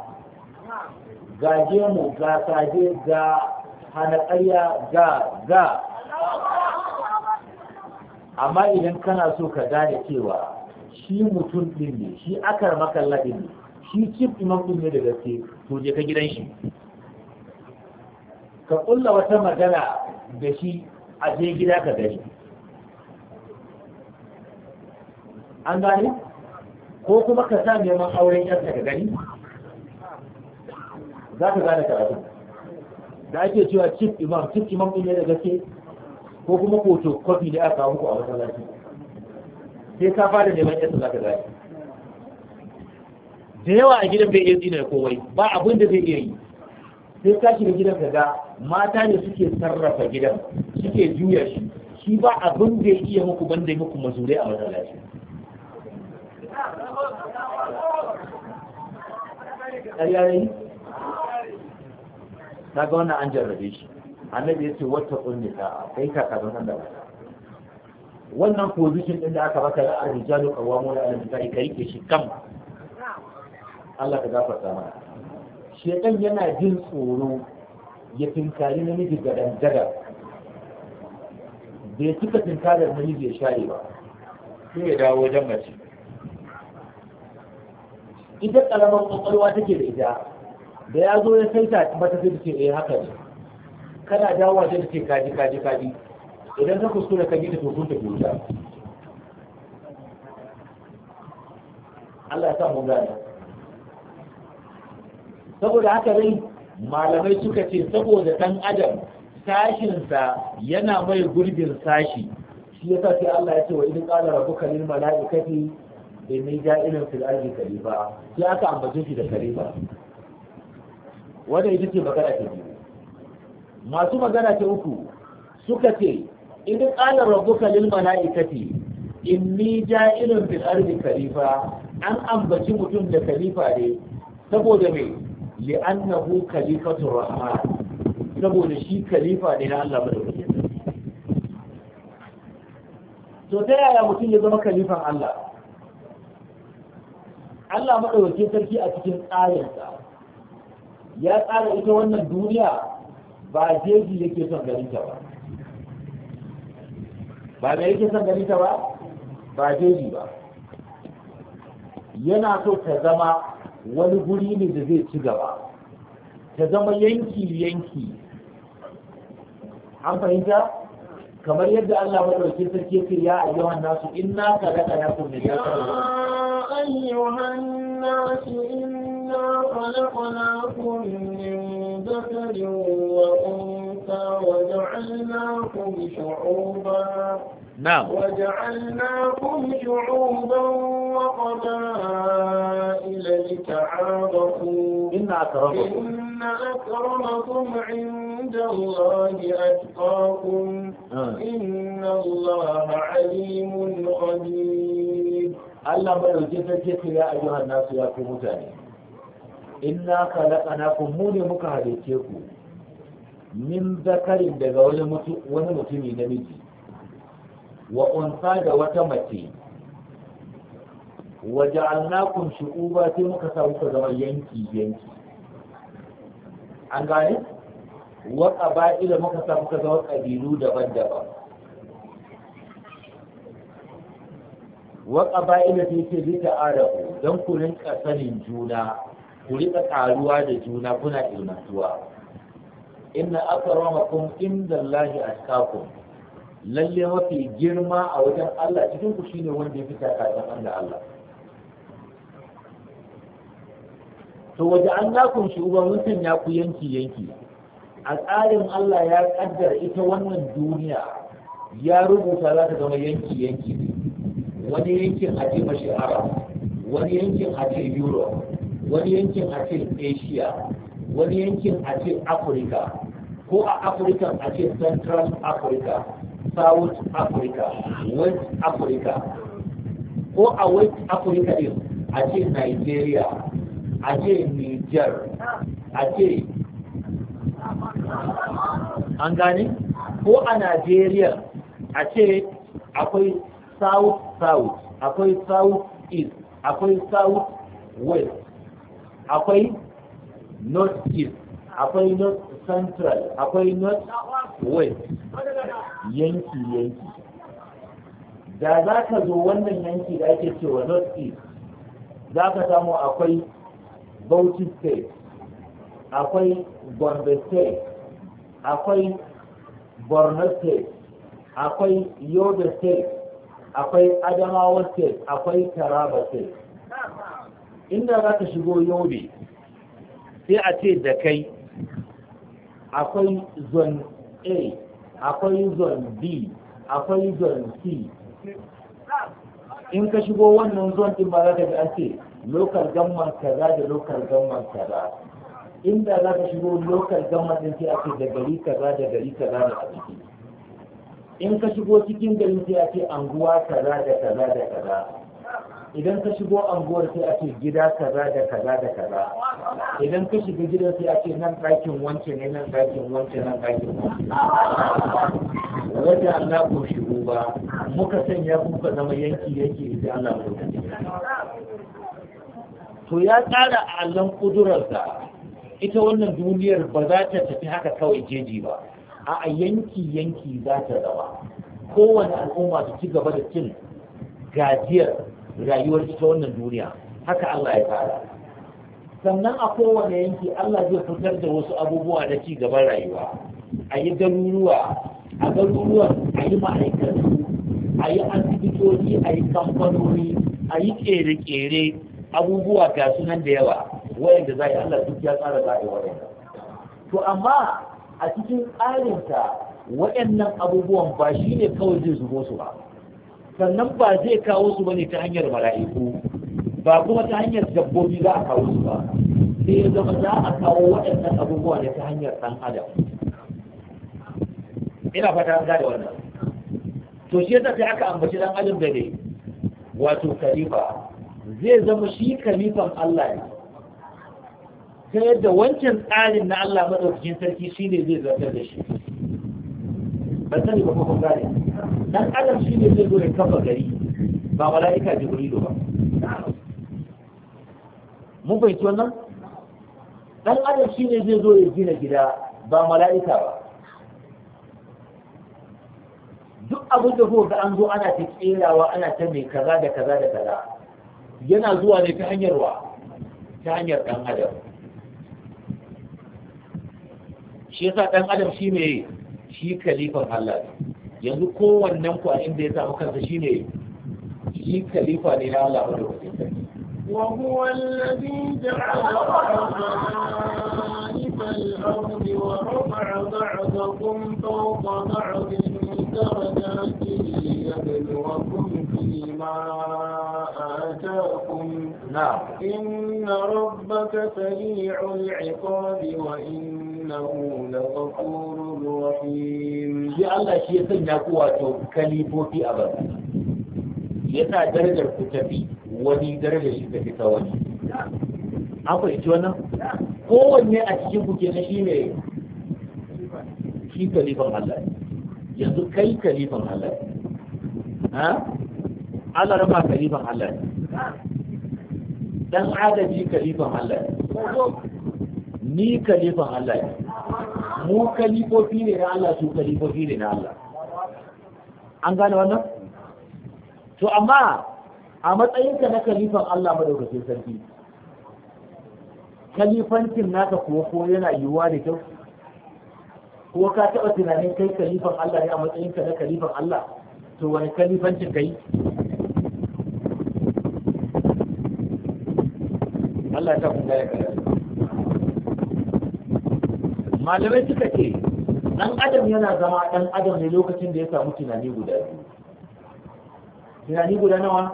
ga gemu ga saje ga hanatsariya ga ga amma idan kana so ka gane cewa shi mutum ɗin ne shi akar makalla ɗin ne shi chief imam ɗin ne da gaske to je ka gidan shi ka kulla wata magana da shi a je gida ka gani an gane ko kuma ka sa neman auren yarsa ka gani za ka gane karatu da ake cewa chief imam chief imam ne da gaske ko kuma kwafi da aka kawo ku a lafi sai ka fara neman yarsa za ka gani da yawa a gidan bai iya tsina kowai ba abin da zai iya yi sai ka shiga gidan ka ga mata ne suke sarrafa gidan suke juya shi shi ba abin da ya iya muku banda muku mazurai a wajen lafi ta ga wannan an jarrabe shi annabi ya ce wata ƙunni ta kai ka kaza nan da wannan position ɗin da aka baka a rijalu ƙawamu da alhamdulillah ka ke shi kam Allah ka gafarta mana shekan yana jin tsoro ya tinkari namiji gadan gada bai cika tinkarar namiji ya share ba sai ya dawo wajen mace idan karamar kwakwalwa take da ita da ya zo ya ta mata sai ce eh haka ne kana dawowa da ke kaji kaji kaji idan ka kuskura ka gita to kun tafi Allah ya sa mu gane saboda haka dai malamai suka ce saboda dan adam sashinsa yana mai gurbin sashi shi yasa sai Allah ya ce wa idan qala rabbuka lil malaikati inni ja'ilun fil ardi khalifa sai aka ambace shi da khalifa wanda yake magana ta biyu masu magana ta uku suka ce idan qala rabbuka lil malaikati inni ja'ilun fil ardi khalifa an ambaci mutum da khalifa ne saboda me li'annahu khalifatur rahman saboda shi khalifa ne na Allah madaukakin to ta yaya mutum ya zama khalifan Allah Allah madaukakin sarki a cikin tsarinsa ya tsara ita wannan duniya ba jeji yake son ganin ta ba ba da yake son ganin ta ba ba jeji ba yana so ta zama wani guri ne da zai ci gaba ta zama yanki-yanki an fahimta kamar yadda Allah madaukakin sarki yake ya ayyuhan nasu inna khalaqnakum min nafsin ayyuhan nasu inna khalaqnakum min dhakarin wa untha wa ja'alnakum shu'uban نعم وجعلناكم شعوبا وقبائل لتعارفوا إن أكرمكم إن أكرمكم عند الله أتقاكم إن الله عليم خبير Allah bai rike sarki ku ya ayyuhan nasu ya ku mutane inna khalaqnakum mu ne muka halice ku min zakarin daga wani mutumi namiji wa unsa da wata mace wa kun shu'uba sai muka sa kuka zama yanki yanki an gane wa qaba'ila muka sa kuka zama kabilu daban-daban wa qaba'ila sai ce bi arabu dan ku rinka sanin juna ku rika karuwa da juna kuna ilmantuwa inna akramakum indallahi atqakum lalle mafi girma a wajen Allah cikin ku shine wanda ya fita kafin Allah Allah to waje an nakun shi uban mutum ya ku yanki yanki a tsarin Allah ya kaddara ita wannan duniya ya rubuta za ta zama yanki yanki wani yankin a cikin mashi wani yankin a ce Europe wani yankin a ce Asia wani yankin a ce Africa ko a Afirka a ce Central Africa South Africa, West Africa, ko a West Africa ɗin a ce Nigeria, a ce Niger, a ce an gane? Ko a Nigeria a ce akwai South South, akwai South East, akwai South West, akwai North East, akwai North central akwai north west yanki yanki da za ka zo wannan yanki da ake cewa north east za ka samu akwai bauchi state akwai gombe state akwai borno state akwai yobe state akwai adamawa state akwai taraba state inda za ka shigo yobe sai a ce da kai akwai zone a akwai zone b akwai zone c in ka shigo wannan zone din ba za ka ji an ce local government kaza da local government kaza inda za ka shigo local government din sai a ce da gari kaza da gari kaza da a in ka shigo cikin gari sai a ce anguwa kaza da kaza da kaza idan ka shigo anguwar sai a ce gida kaza da kaza da kaza idan ka shiga gida sai a ce nan ɗakin wance ne nan ɗakin wance nan ɗakin wance wajen Allah ko shigo ba muka sanya kuka zama yanki yanki da Allah ko to ya tsara a allon kudurarsa ita wannan duniyar ba za ta tafi haka kawai jeji ba a yanki yanki za ta zama kowane al'umma su ci gaba da cin gajiyar rayuwar ita wannan duniya haka Allah ya fara sannan a kowane yanki Allah zai fitar da wasu abubuwa na ci gaban rayuwa a yi garuruwa a garuruwan a yi ma'aikatu a yi asibitoci a yi kamfanoni a yi kere-kere abubuwa ga sunan da yawa wayanda za Allah duk ya tsara za a yi to amma a cikin tsarinsa waɗannan abubuwan ba shi ne kawai zai zubo su ba sannan ba zai kawo su bane ta hanyar mala'iku ba kuma ta hanyar dabbobi za a kawo su ba sai ya zama za a kawo waɗannan abubuwa ne ta hanyar ɗan adam ina fata an gane wannan to shi yasa sai aka ambaci ɗan adam da ne wato khalifa zai zama shi khalifan Allah ne ta yadda wancan tsarin na Allah madaukakin sarki shine zai zartar da shi ban sani ba kuma kun gane dan adam shi ne zai zo ya kafa gari ba mala'ika jibrilu ba mun fahimci wannan dan adam shi ne zai zo ya gina gida ba mala'ika ba duk abin da kuka an zo ana ta kerawa ana ta mai kaza da kaza da kaza yana zuwa ne ta hanyar wa ta hanyar dan adam shi yasa dan adam shi ne shi kalifan Allah ne yanzu kowannen ku a inda ya samu kansa shine shi kalifa ne na Allah madaukakin sarki وهو الذي جعل خلائف الأرض ورفع بعضكم فوق بعض درجات ليبلوكم فيما آتاكم نعم إن ربك سريع العقاب وإنه لغفور رحيم يا الله شيء سنجاكوا كليفو في أبدا yasa darajar ku tafi wani darajar shi tafi ta wani an fahimci wannan kowanne a cikin ku na shi ne shi kalifan Allah yanzu kai kalifan Allah ha Allah rama kalifan Allah dan adaji kalifan Allah ni kalifan Allah mu kalifofi ne na Allah su kalifofi ne na Allah an gane wannan to amma a matsayinka na kalifan Allah madaukakin sarki kalifancin naka kuwa ko yana yiwuwa da kyau ko ka taɓa tunanin kai kalifan Allah ne a matsayin ka na kalifan Allah to wani kalifancin kai Allah ta kun gaya kare malamai suka ce dan adam yana zama dan adam ne lokacin da ya samu tunani guda biyu tunani guda nawa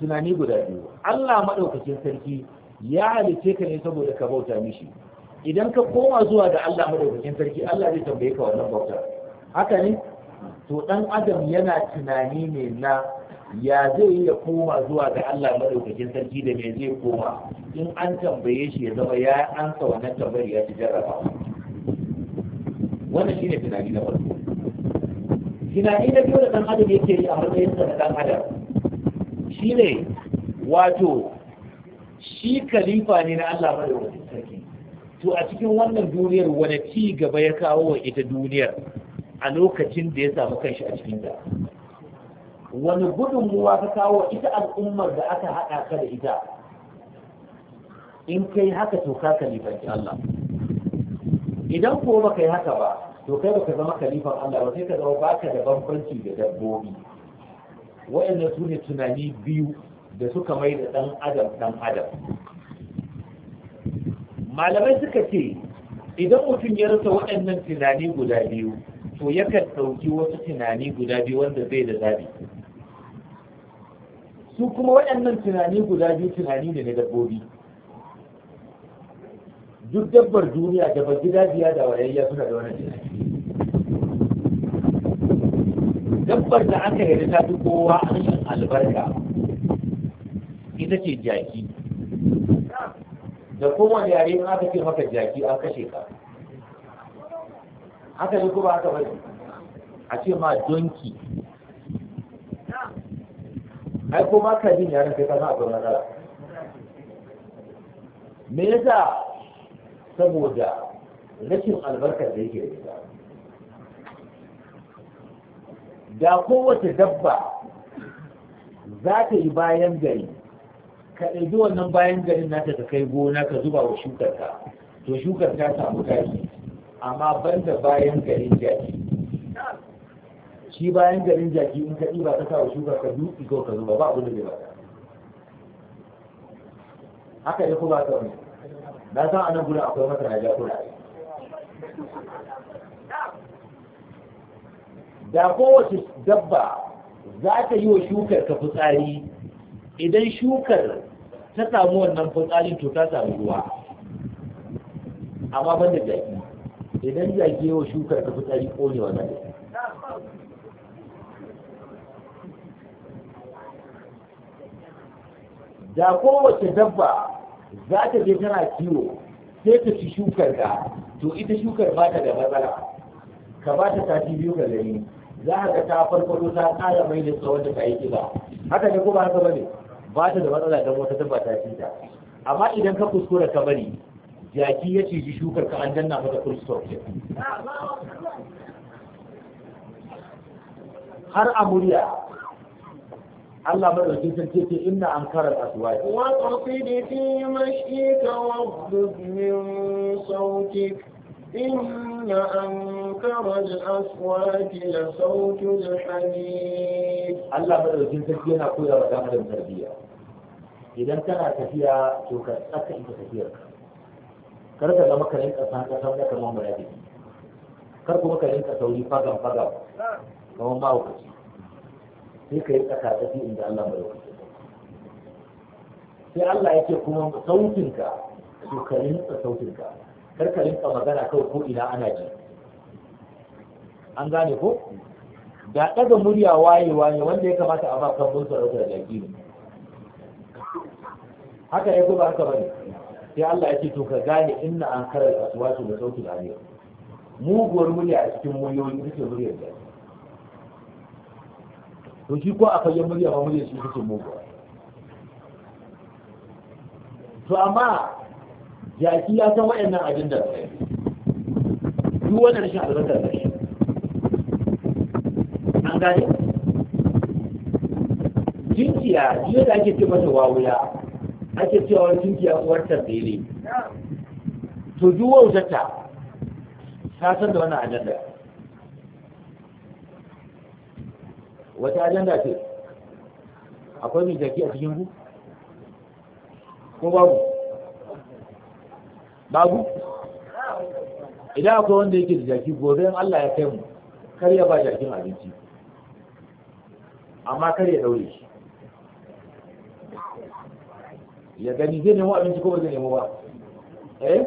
tunani guda biyu Allah madaukakin sarki ya halice ka ne saboda ka bauta mishi idan ka koma zuwa ga Allah madaukakin sarki Allah zai tambaye ka wannan bauta haka ne to dan adam yana tunani ne na ya zai yi koma zuwa ga Allah madaukakin sarki da me zai koma in an tambaye shi ya zama ya ansa wannan tambayar ya ci jarraba wannan shine tunani na farko tunani na biyu da dan adam yake yi a matsayin sa na dan adam shine wato shi kalifa ne na Allah madaukakin sarki to a cikin wannan duniyar wani ci gaba ya kawo wa ita duniyar a lokacin da ya samu kanshi a cikin da wani gudunmuwa ka kawo ita al'ummar da aka haɗa ka da ita in kai haka to ka kalifanci Allah idan ko baka yi haka ba to kai ba ka zama kalifan Allah ba sai ka zama baka da bambanci da dabbobi wa'annan su ne tunani biyu da suka mai da ɗan adam ɗan adam malamai suka ce idan mutum ya rasa waɗannan tunani guda biyu to yakan ɗauki wasu tunani guda biyu wanda zai da zabi su kuma waɗannan tunani guda biyu tunani ne na dabbobi duk dabbar duniya da ba gida biya da wayayya suna da wannan tunani dabbar da aka yi ta fi kowa an albarka ita ce jaki da kowane yare in aka ce maka jaki an kashe ka haka ne kuma aka bari a ce ma donki ai ko ma ka jin yaren kai ka san abin matsala me yasa saboda rashin albarkar da yake da ita da kowace dabba za ta yi bayan gari ka ɗauki wannan bayan garin nata ta kai gona ka zuba wa shukar ka to shukar ta samu taki amma ban da bayan garin jaki shi bayan garin jaki in ka ɗiba ta sa wa shukar ka duk ko ka zuba ba abu da bai ba haka ya kuma ta wani na san anan gudun akwai masana jakuna da kowace dabba za ta yi wa shukar ka fitsari idan shukar ta samu wannan fitsari to ta samu ruwa amma ban da jaki idan jaki yawa shukar ta fitsari ƙonewa za ta da kowace dabba za ta je tana kiwo sai ta ci shukar ka to ita shukar ba ta da matsala ka ba ta tafi biyu ga gani za ka ta farfado ta kara mai da tsawon da ka yi kiba haka ne ko ba haka ba ne ba ta da matsala don wata dabba ta fita ta amma idan ka kuskura ka bari jaki ya ciji shukar ka an danna mata full har a murya Allah madaukin san ce inna an karar aswai wa qafidi fi mashika wa min sautik إن أنكر الأصوات لصوت الحميد الله بدل في ينا كل وقام لهم تربية إذا كان كثيرا توكا أكا إنت كثيرا كرتا لما كان إنت أصحان كثيرا كما مرادي كرتا لما كان إنت سولي فاقم فاقم كما ما هو كثير sai ka yi tsakatsaki inda Allah mai wakil sai Allah ya ce kuma sautinka to ka sautinka karka rinka magana kawai ko ina ana ji an gane ko da ɗaga murya wayewa ne wanda ya kamata a ba kan bunsa da jaki ne haka ya kuma haka bane sai Allah ya ce to ka gane inna an karar su da sautin aliyu muguwar murya a cikin muryoyi ita ce muryar da to shi ko a fayyar murya ba murya shi ita ce muguwa to amma jaki ya san wayannan abin da duk wannan shi albarka da shi an gane jinkiya jiya da ake ce mata wawuya ake cewa jinkiya uwar tarbiyya to duk wautata ta san da wannan ajanda wata ajanda ce akwai mai jaki a cikin ku ko babu babu idan akwai wanda yake da jaki gobe in Allah ya kai mu kar ya ba jakin abinci amma kar ya daure shi ya gani zai nemo abinci ko ba zai nemo ba eh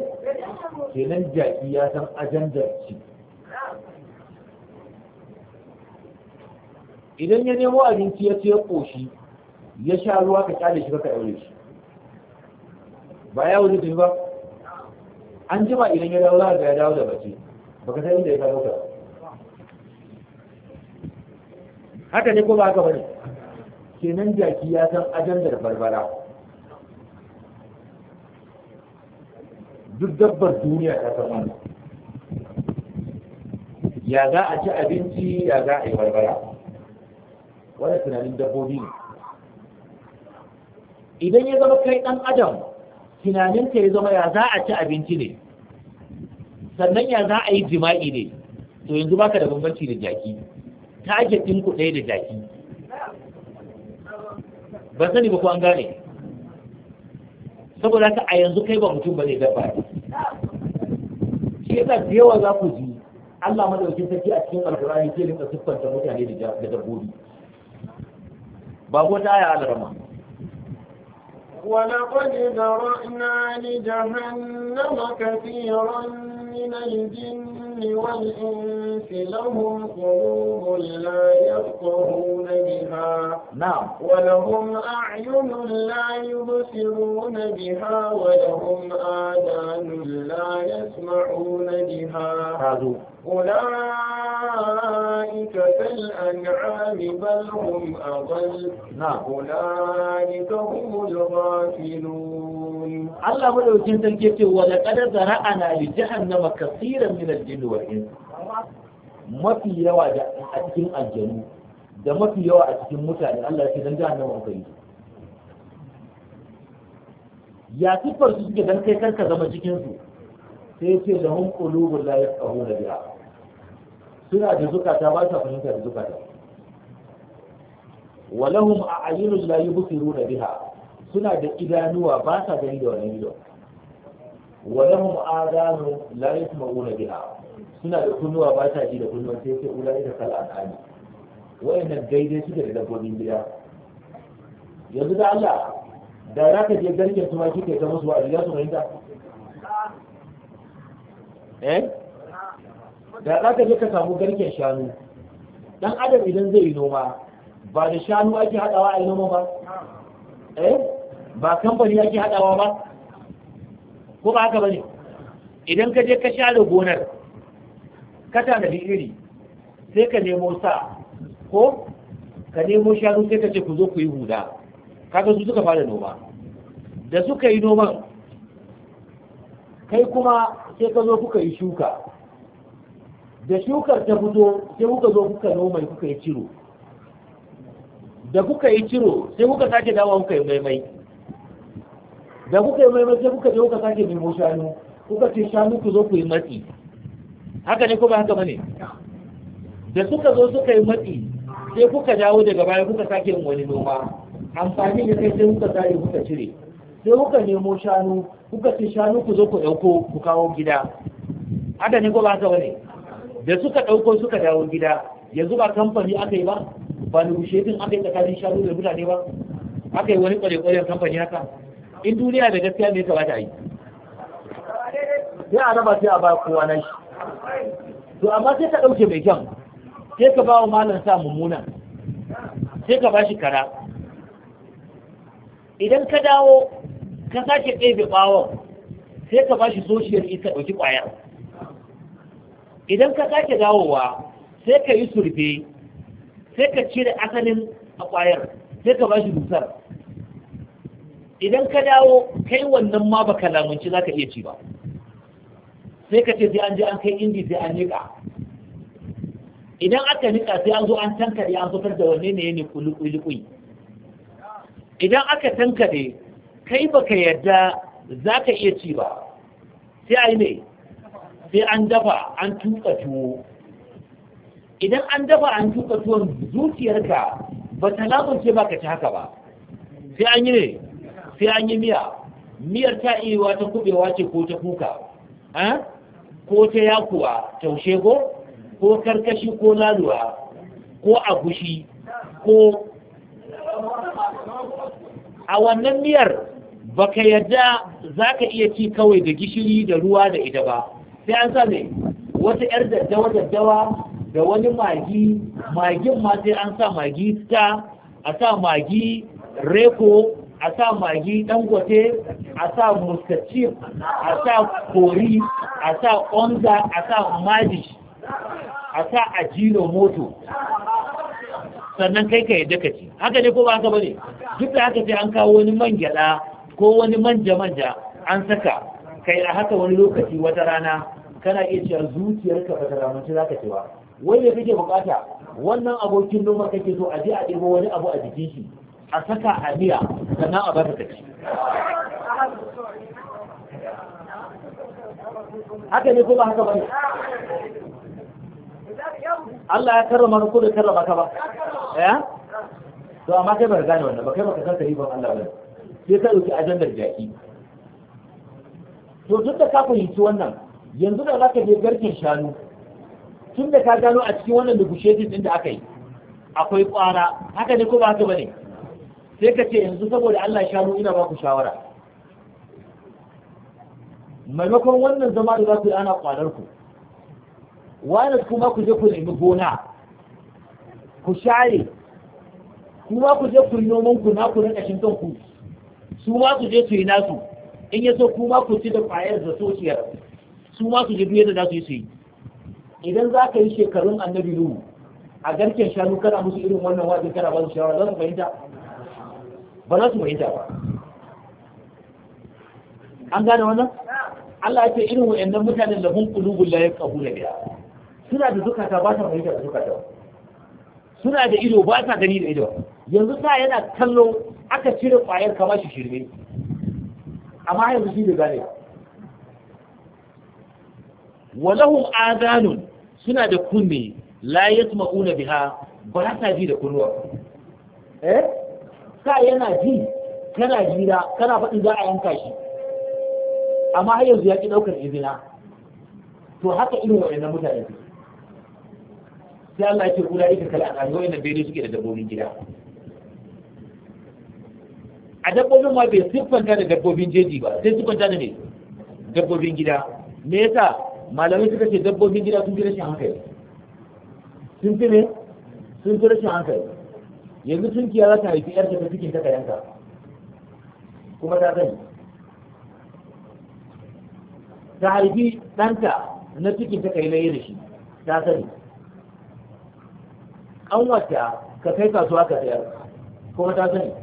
kenan jaki ya san ajandar shi idan ya nemo abinci ya ce ya koshi ya sha ruwa ka kyale shi ka daure shi ba ya wuce ba an jima idan ya dawo za ya dawo da baki baka san inda ya kawo ka haka ne ko ba haka bane kenan jaki ya san ajandar barbara duk dabbar duniya ta san wannan ya za a ci abinci ya za a yi barbara wani tunanin dabbobi ne idan ya zama kai dan adam ka ya zama ya za a ci abinci ne sannan ya za a yi jima'i ne to yanzu baka da bambanci da jaki ta ake ɗinku ɗaya da jaki ban sani ba ko an gane saboda ka a yanzu kai ba mutum ba ne dabba shi yasa da yawa za ku ji Allah madaukin sarki a cikin alkurani ke rinka siffanta mutane da dabbobi ba ko ta aya alarama ولقد ذرأنا لجهنم كثيرا من الجن والإنس لهم قلوب لا يفقهون بها نعم ولهم أعين لا يبصرون بها ولهم آذان لا يسمعون بها أولئك أولئك كالأنعام بل هم أضل أولئك هم الغافلون الله ولو كنت كيف ولقد ذرأنا لجهنم كثيرا من الجن والإنس mafi yawa a cikin aljanu da mafi yawa a cikin mutane Allah ya ce dan jahannama aka yi ya siffar su suke dan kai kanka zama cikinsu? sai ce da hun qulubul tsaho yafqahuna biha suna da zukata ba sa fahimta da zukata walahum a'yunun la yubsiruna biha suna da idanuwa ba sa gani da wannan ido walahum adanu la yasma'una biha suna da kunnuwa ba sa ji da kunnuwa sai sai ulai da kal anani wayannan daidai suke da dabbobin gida yanzu da Allah da za ka je garken su ma kike ta musu wa'azi ya su fahimta eh da za ka je ka samu garken shanu dan adam idan zai yi noma ba da shanu ake hadawa a noma ba eh ba kamfani ake hadawa ba ko ba haka ba idan ka je ka share gonar ka da iri sai ka nemo sa ko ka nemo shanu sai ka ce ku zo ku yi huda kaga su suka fara noma da suka yi noman kai kuma sai ka zo kuka yi shuka da shukar ta fito sai kuka zo kuka noma kuka yi ciro da kuka yi ciro sai kuka sake dawa kuka yi maimai da kuka yi maimai sai kuka je kuka sake nemo shanu kuka ce shanu ku zo ku yi matsi haka ne ko ba haka bane da suka zo suka yi matsi sai kuka dawo daga baya kuka sake yin wani noma amfani da kai sai kuka sake kuka cire sai kuka nemo shanu kuka ce shanu ku zo ku ɗauko ku kawo gida haka ne ko ba haka bane da suka ɗauko suka dawo gida yanzu ba kamfani aka yi ba ba din aka yi tsakanin shanu da mutane ba aka yi wani ƙwarewar kamfani haka in duniya da gaskiya ne ka bata yi sai a raba sai a ba kowa na shi to amma sai ka ɗauke mai kyan sai ka ba wa malam sa mummuna sai ka ba shi kara idan ka dawo ka sake ɗebe ɓawon sai ka ba shi soshiyar isa ɗauki ƙwayar idan ka sake dawowa sai ka yi surfe sai ka cire asalin a ƙwayar sai ka ba shi dusar idan ka dawo kai wannan ma baka lamunci za ka iya ci ba sai ka ce sai an je an kai indi sai an niƙa idan aka niƙa sai an zo an tankade an fitar da wanne ne ne kulikuli idan aka tankade kai baka yarda za ka iya ci ba sai a yi ne sai an dafa an tuka tuwo idan an dafa an tuka tuwon zuciyarka ba ta labarce ba ka ci haka ba sai an yi ne sai an yi miya miyar ta iya ta kubewa ce ko ta kuka ko ta yakuwa taushe ko ko karkashi ko laluwa ko agushi ko a wannan miyar baka yadda za ka iya ci kawai da gishiri da ruwa da ita ba sai an sa mai wata yar daddawa daddawa da wani magi magin ma sai an sa magi ta a sa magi reko a sa magi dangote a sa muscachif a sa kori a sa onza a sa maji a sa ajino moto sannan kai ka yadda ka ci haka ne ko ba haka bane duk da haka sai an kawo wani man ko wani manja manja an saka kai a haka wani lokaci wata rana kana iya cewa zuciyarka ba ta ramanci za ka wai wanda kake bukata wannan abokin noma kake so a je a ɗebo wani abu a jikin shi a saka a miya sannan a ba ta ci haka ne ko ba haka ba ne Allah ya karrama ku da karrama ka ba eh to amma kai ba ka gane wannan ba kai ba ka san tarihin Allah ba sai ka dauki ajandar jaki to duk da ka fahimci wannan yanzu da za ka je garkin shanu tun da ka gano a cikin wannan negotiating din da aka yi akwai kwara haka ne ko ba haka bane sai ka ce yanzu saboda Allah shanu ina ba ku shawara maimakon wannan zama da za ku yi ana kwarar ku wani kuma ku je ku nemi gona ku share kuma ku je ku yi noman ku na ku rinka kashin kanku su ma ku je su yi nasu in ya so kuma ku ci da ƙwayar da sokiyar su ma su jibi yadda za su yi su yi idan za ka yi shekarun annabi nuhu a garken shanu kana musu irin wannan wajen kana ba su shawara za su fahimta ba za su fahimta ba an gane wannan Allah ya ce irin wayannan mutanen da hun kulubul la da biya suna da zukata ba ta fahimta da zukata suna da ido ba ta gani da ido yanzu sa yana kallo aka cire kwayar kama shi shirme amma yanzu shi da gane ba walahum adanun suna da kunne la kuna biha ba sa ji da kunnuwa eh ka yana ji kana jira kana faɗi za a yanka shi amma har yanzu ya ƙi ɗaukar izina to haka irin waɗannan mutane sai Allah ya ce kula ita kala a wa'annan bene suke da dabbobin gida a dabbobin ma bai siffanta da dabbobin jeji ba sai siffanta da ne dabbobin gida me yasa malamai suka ce dabbobin gida sun fi rashin hankali sun fi ne sun fi rashin hankali yanzu sun kiya za ta haifi yar da cikin ta yanka kuma ta sani ta haifi ɗanta na cikin ta kai laye da shi ta sani an wata ka kai kasuwa ka sayar kuma ta sani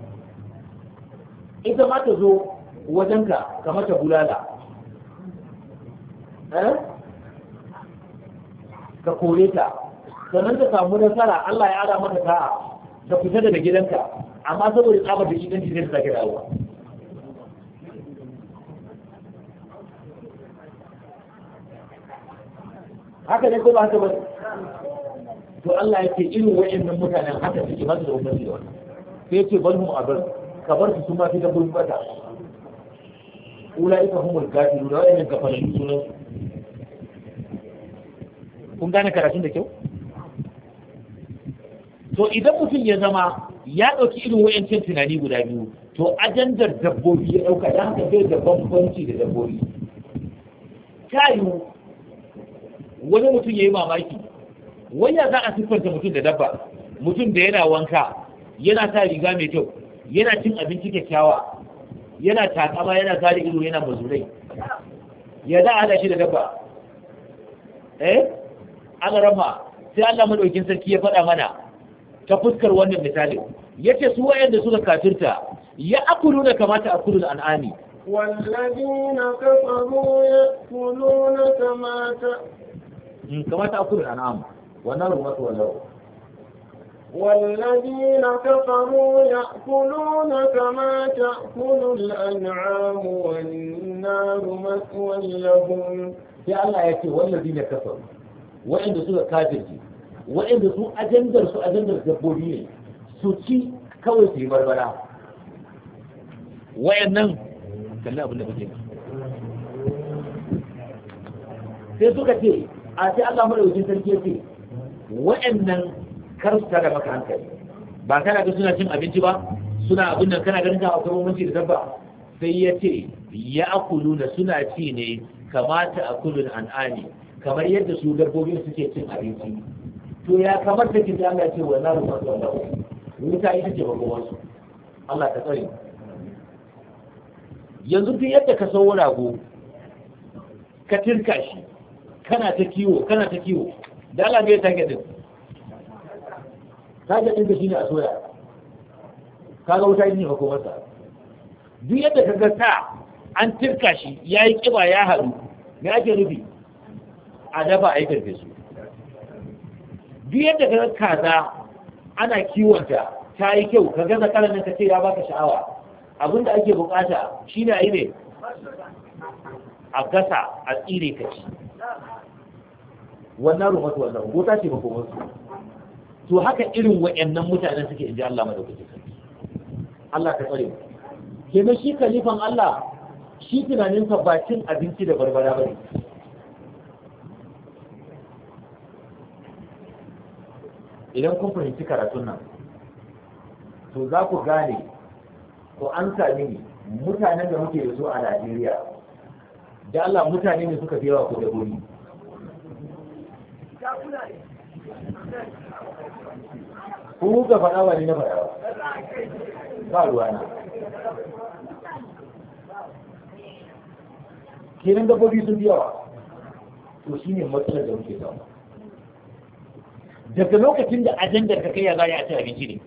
ita ma ta zo wajenka ka ta bulala eh? ka kore ta sannan ta samu nasara Allah ya ara mata ta'a ta fita daga gidanka amma saboda tsabar da gidan ne ta sake dawowa haka ne ko ba haka ba to Allah ya ce irin wa'annan mutanen haka suke ba su da umarni da wani sai ce ce mu abin ka bar su kuma fi da gulbata ulaika humul kafiru da wayannan kafarin sunan kun gane karatun da kyau to idan mutum ya zama ya ɗauki irin wayancin tunani guda biyu to ajandar dabbobi ya ɗauka da haka bai da bambanci da dabbobi ta wani mutum ya yi mamaki wani za a siffanta mutum da dabba mutum da yana wanka yana sa riga mai kyau yana cin abinci kyakkyawa yana takama yana zari ido yana mazurai ya za a shi da dabba eh an rama sai Allah madaukin sarki ya faɗa mana ta fuskar wannan misali yace su wayanda suka kafirta ya da kamata akulul an'ami kafaru كفروا يأكلون kamata تأكل كما تأكل الأنعام ونرمة ولو والذين كفروا يأكلون كما تأكل الأنعام والنار مثوى لهم يا الله يأتي والذين كفروا وإن سوء كافر وإن سوء أجندر سوء أجندر جبولين سوتي kawai su yi barbara wayan nan kalli abin da kake ba sai suka ce a sai Allah madaukakin sarki ce wayan nan kar su tada maka hankali ba kana ga suna cin abinci ba suna abin nan kana ganin ka akwai bambanci da dabba sai ya ce ya na suna ci ne kamata a akulun an'ani kamar yadda su dabbobi suke cin abinci to ya kamar da kinta Allah ce wa na rufa da wuta ita ce babu wasu Allah ta tsare yanzu duk yadda ka sau rago ka tirka shi kana ta kiwo kana ta kiwo da Allah bai ta gadin target ɗinka shine a soya kaga wuta yi ko masa duk yadda ka ga sa an tirka shi ya yi ƙiba ya haɗu me ake nufi a dafa a yi karfe su duk yadda ka ga kaza ana kiwonta ta yi kyau ka gaza nan ka ce ya baka sha'awa abin da ake bukata shine a yi ne a gasa a tsire ka ci wannan rumatu wannan gota ce makomansu to haka irin wa'annan mutanen suke inji Allah madaukaki Allah ka tsare kenan shi kalifan Allah shi tunaninsa ba cin abinci da barbara bane idan kun fahimci karatun nan to za ku gane ko an sami mutanen da muke da su a Najeriya da Allah mutane ne suka fi yawa ko da goni ku ka faɗa ba ni na faɗa ba ruwa na kenan dabbobi sun yawa to shi ne matsalar da muke samu daga lokacin da ajandar ka kai ya zaya a ci abinci ne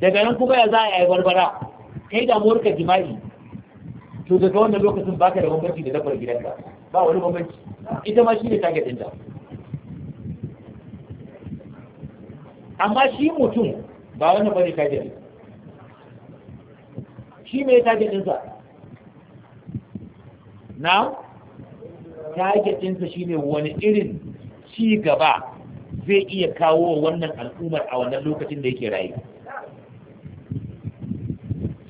daga nan kuma ya zaya a yi barbara kai damuwar ka jima'i to daga wannan lokacin baka da bambanci da dabbar gidanka ba wani bambanci ita ma shi ne targetin ta amma shi mutum ba wani bane kafiri shi me na target ɗinsa shine wani irin ci gaba zai iya kawo wannan al'ummar a wannan lokacin da yake rayu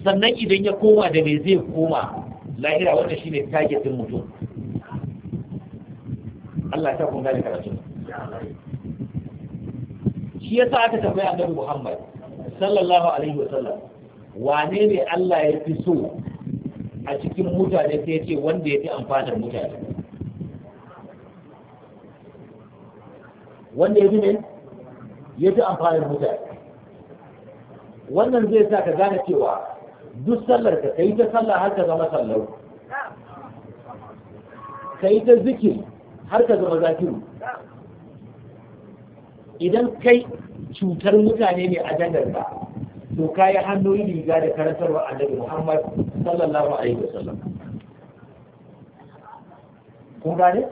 sannan idan ya koma da me zai koma lahira wannan shine targetin mutum Allah ta kun gane karatu shi yasa aka tambayi annabi Muhammad sallallahu alaihi wa sallam wane ne Allah ya fi so a cikin mutane sai ce wanda ya fi amfanar mutane wanda ya fi ne ya fi amfanar mutane wannan zai sa ka gane cewa duk sallar ka kai ta sallah har ka zama sallau kai ta zikir har ka zama zakiru idan kai cutar mutane ne a ka to ka yi hanyoyin riga da karantarwa daga muhammad sallallahu alaihi wasallam kun gane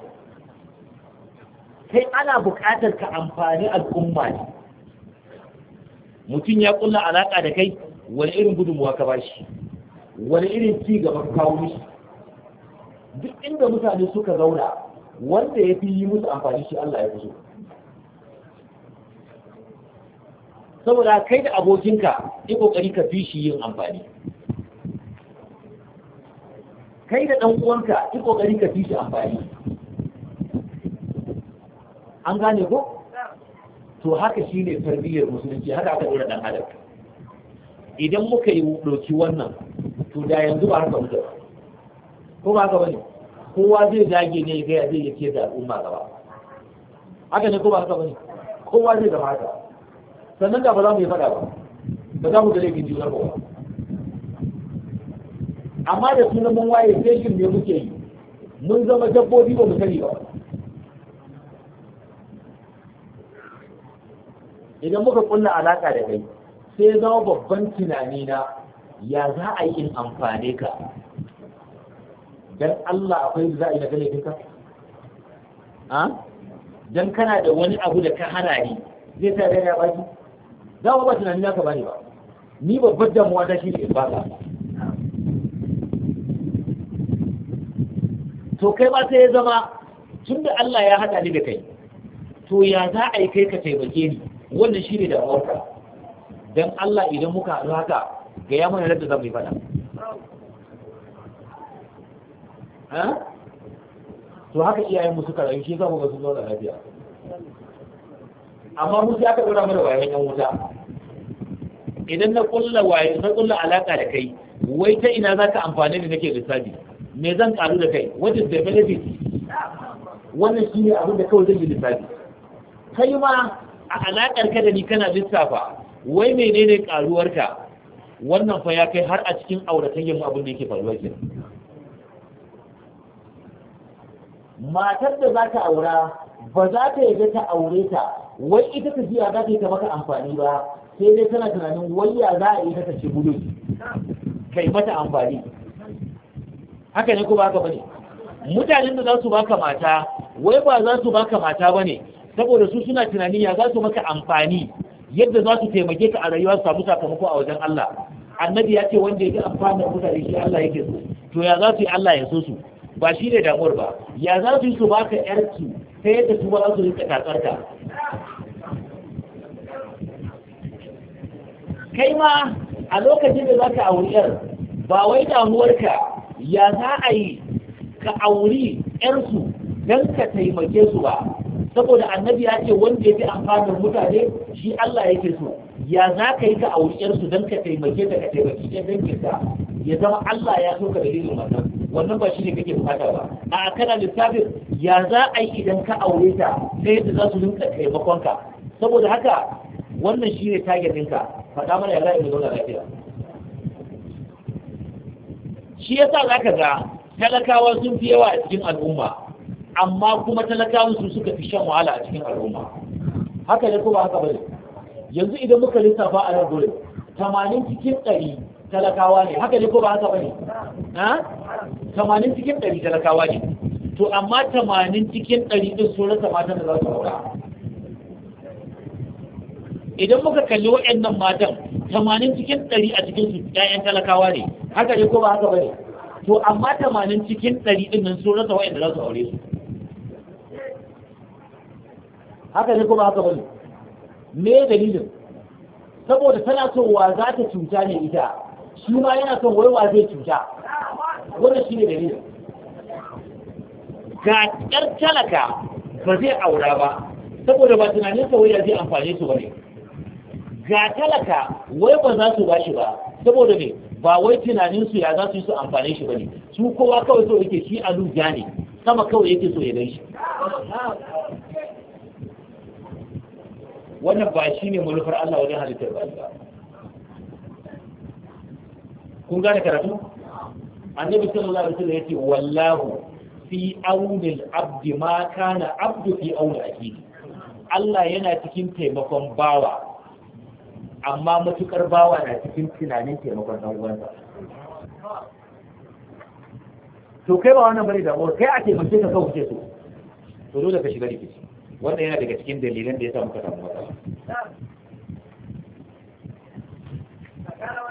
kai ana buƙatar ka amfani al'umma ne mutum ya kulla alaƙa da kai wani irin gudunmuwa ka bashi wani irin ci gaba ka kawo mishi duk inda mutane suka zauna wanda ya fi yi musu amfani shi Allah ya fi so saboda kai da abokinka yi kokari ka fi shi yin amfani kai da ɗan uwanka yi kokari ka fi shi amfani an gane ko to haka shi ne tarbiyyar musulunci haka aka ɗora ɗan adam idan muka yi ɗauki wannan to da yanzu ba haka muka ba ko ba haka bane kowa zai zage ne ga zai yake da al'umma gaba haka ne ko ba haka bane kowa zai gaba haka sannan da ba za mu yi faɗa ba ba za mu da laifin juna ba amma da sunan mun waye sai ne muke yi mun zama dabbobi ba mu sani ba idan muka kulla alaƙa da kai sai zama babban tunani na ya za a yi in amfane ka dan Allah akwai za a yi na laifin ka dan kana da wani abu da ka hana ni zai ta da ya baki dama ba tunani na ka bani ba ni babbar damuwa ta shi ne in ka to kai ba sai ya zama tun da Allah ya haɗa ni da kai to ya za a yi kai ka taimake ni wannan shi ne da mawaka don Allah idan muka haɗu haka ga ya mana ladda zan yi fada to haka iyayen mu suka rayu shi za mu ga sun zauna lafiya amma mun aka dora mana wayan yan wuta idan na kulla waye na kulla alaka da kai wai ta ina za ka amfani da nake lissafi me zan karu da kai what is the benefit wannan shine abin da kawai zai yi lissafi kai ma a alakar ka da ni kana lissafa wai menene karuwarka wannan fa ya kai har a cikin auratan yin abin da yake faruwa ke. matar da za ta aura ba za ta yarda ta aure ta wai ita tafiya za ta yi ta maka amfani ba sai dai tana tunanin ya za a yi ta tashi gudu kai mata amfani haka ne ko ba ka bane mutanen da za su baka mata wai ba za su baka mata bane saboda su suna tunanin ya za su maka amfani yadda za su taimake ka a rayuwa su samu sakamako a wajen Allah annabi ya ce wanda ya ji amfani da mutane shi Allah yake so to ya za su yi Allah ya so su ba shi ne damuwar ba ya za su yi su ba ka yarki ta yadda su ba su ta tatsarka kai ma a lokacin da za ka auri yar ba wai damuwarka ya za a yi ka auri yarsu don ka taimake su ba saboda annabi ya ce wanda ya fi amfanin mutane shi Allah yake so ya za ka yi ka auri yarsu don ka taimake ta ka taimake ta danginta ya zama Allah ya so ka dalilin wannan wannan ba shi ne kake bukata ba a kana lissafin ya za a yi idan ka aure ta sai yadda za su rinka taimakonka saboda haka wannan shi ne target ɗinka faɗa mana ya za a yi zauna lafiya shi sa za ka ga talakawa sun fi yawa a cikin al'umma amma kuma talakawa su suka fi shan wahala a cikin al'umma haka ne ko ba haka bane yanzu idan muka lissafa a nan gurin tamanin cikin ɗari talakawa ne haka ne ko ba haka bane ha tamanin cikin ɗari talakawa ne to amma tamanin cikin ɗari ɗin sun rasa matan da za su haura. idan muka kalli waɗannan matan tamanin cikin ɗari a cikin su ƴaƴan talakawa ne haka ne ko ba haka bane to amma tamanin cikin ɗari ɗin nan sun rasa waɗanda za su aure su haka ne ko ba haka bane me dalilin saboda tana so wa za ta cuta ne ita shi ma yana son wai wa zai cuta wannan shi ne dalilin ga ƙyar talaka ba zai aura ba saboda ba tunanin sa wai zai amfane su ba ne. ga talaka wai ba za su bashi ba saboda ne ba wai tunanin su ya za su yi su amfane shi ba ne, su kowa kawai so yake shi a luja ne sama kawai yake so ya gan shi wannan ba shi ne manufar Allah wajen halittar ba kun gane karatu annabi sallallahu alaihi wasallam yace wallahu fi aunil abdi ma kana abdu fi aunil akidi Allah yana cikin taimakon bawa amma matukar bawa na cikin tunanin taimakon dan uwansa to kai ba wannan bari da kai a taimake ka kawai kuke so to dole ka shiga rikici wannan yana daga cikin dalilan da ya sa muka samu matsala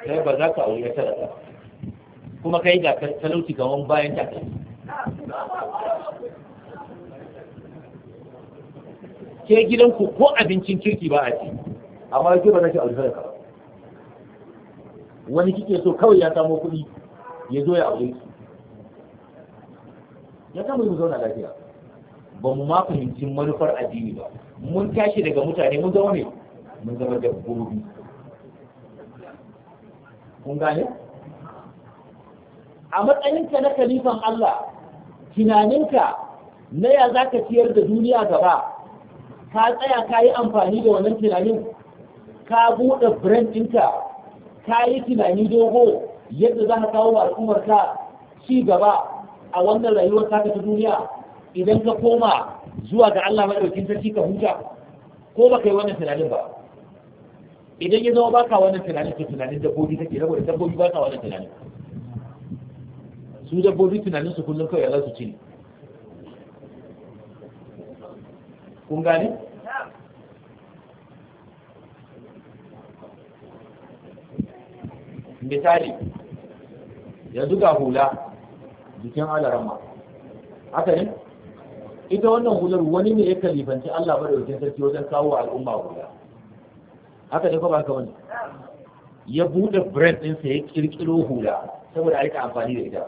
kai ba za ka aure ta da kuma kai ga talauci ga wani bayan ta ke gidanku ko abincin kirki ba a ci amma ke ba za ki aure ta wani kike so kawai ya samo kuɗi ya zo ya aure ki ya kama mu zauna lafiya ba mu ma fahimci manufar addini ba mun tashi daga mutane mun zama ne mun zama da dabbobi kun gane a matsayinka na kalifan Allah tunaninka na ya za ka ciyar da duniya gaba ka tsaya ka yi amfani da wannan tunanin ka buɗe brand ɗinka ka yi tunani dogo yadda za ka kawo al'ummarka ci gaba a wannan rayuwar taka ta duniya idan ka koma zuwa ga Allah maɗaukin sarki ka huta ko ba ka yi wannan tunanin ba idan ya zama baka wannan tunanin to tunanin dabbobi kake saboda dabbobi baka wannan tunanin su dabbobi tunanin su kullum kawai za su ci kun gane misali yanzu ga hula jikin alarama haka ne ita wannan hular wani ne ya kalifanci Allah wajen sarki wajen kawo al'umma hula haka ne ko ba ka wani ya buɗe brand din ya ƙirƙiro hula saboda aika amfani da ita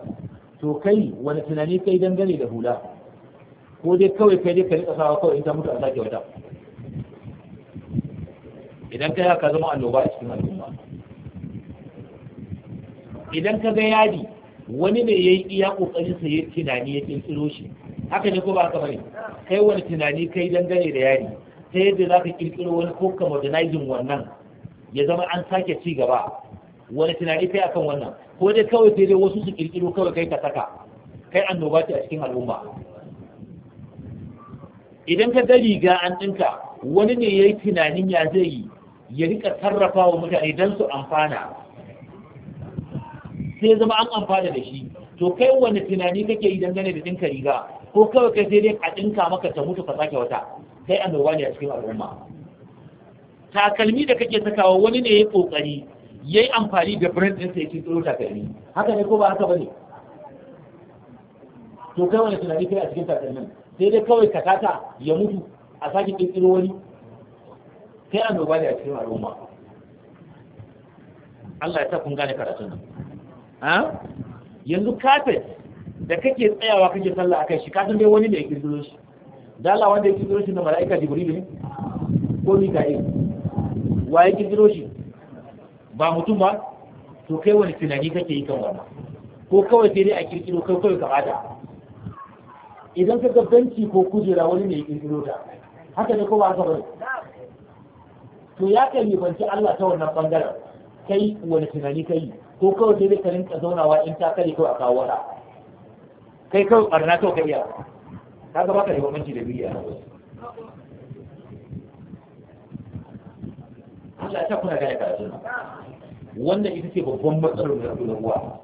to kai wani tunani kai dangane da hula ko dai kawai kai dai ka rika sawa kawai in ta mutu a sake wata idan ka ka zama annoba a cikin al'umma idan ka ga yadi wani ne yayi iya kokarin sa yayi tunani ya kirkiro shi haka ne ko ba ka bane kai wani tunani kai dangane da yadi ta yadda za ka kirkiro wani ko ka modernizing wannan ya zama an sake ci gaba wani tunani kai akan wannan ko dai kawai sai dai wasu su kirkiro kawai kai ka saka kai annoba ce a cikin al'umma idan ka ga riga an ɗinka wani ne ya yi tunanin ya zai yi ya rika sarrafa wa mutane don su amfana sai zama an amfana da shi to kai wani tunani kake yi dangane da ɗinka riga ko kawai kai sai dai a ɗinka maka ta mutu ka sake wata kai annoba ne a cikin al'umma takalmi da kake sakawa wani ne ya kokari yayi amfani da brand din sai ya tsoro takalmi haka ne ko ba haka bane to kai wani tunani kai a cikin takalmin sai dai kawai ka kata ya mutu a sake kirkiro wani kai annoba ne a cikin al'umma Allah ya sa kun gane karatun nan ha yanzu kafet da kake tsayawa kake sallah akan shi kafin dai wani ne ya kirkiro shi da Allah wanda ya kirkiro shi da mala'ika jibril ne ko mika'il wa ya kirkiro shi ba mutum ba to kai wani tunani kake yi kan wannan ko kawai sai dai a kirkiro kai kawai kamata idan ka ga benci ko kujera wani ne ya kirkiro ta haka ne ko ba haka bane to ya kai banci Allah ta wannan bangaren kai wani tunani kai ko kawai sai dai ka rinka zaunawa in ta kare kawai a kawo wata kai kawai barna kawai kai iya ka ga baka da bambanci da biyu a wasu Allah ta kuna gaya karatu wannan ita ce babban matsalar da ruwa ruwa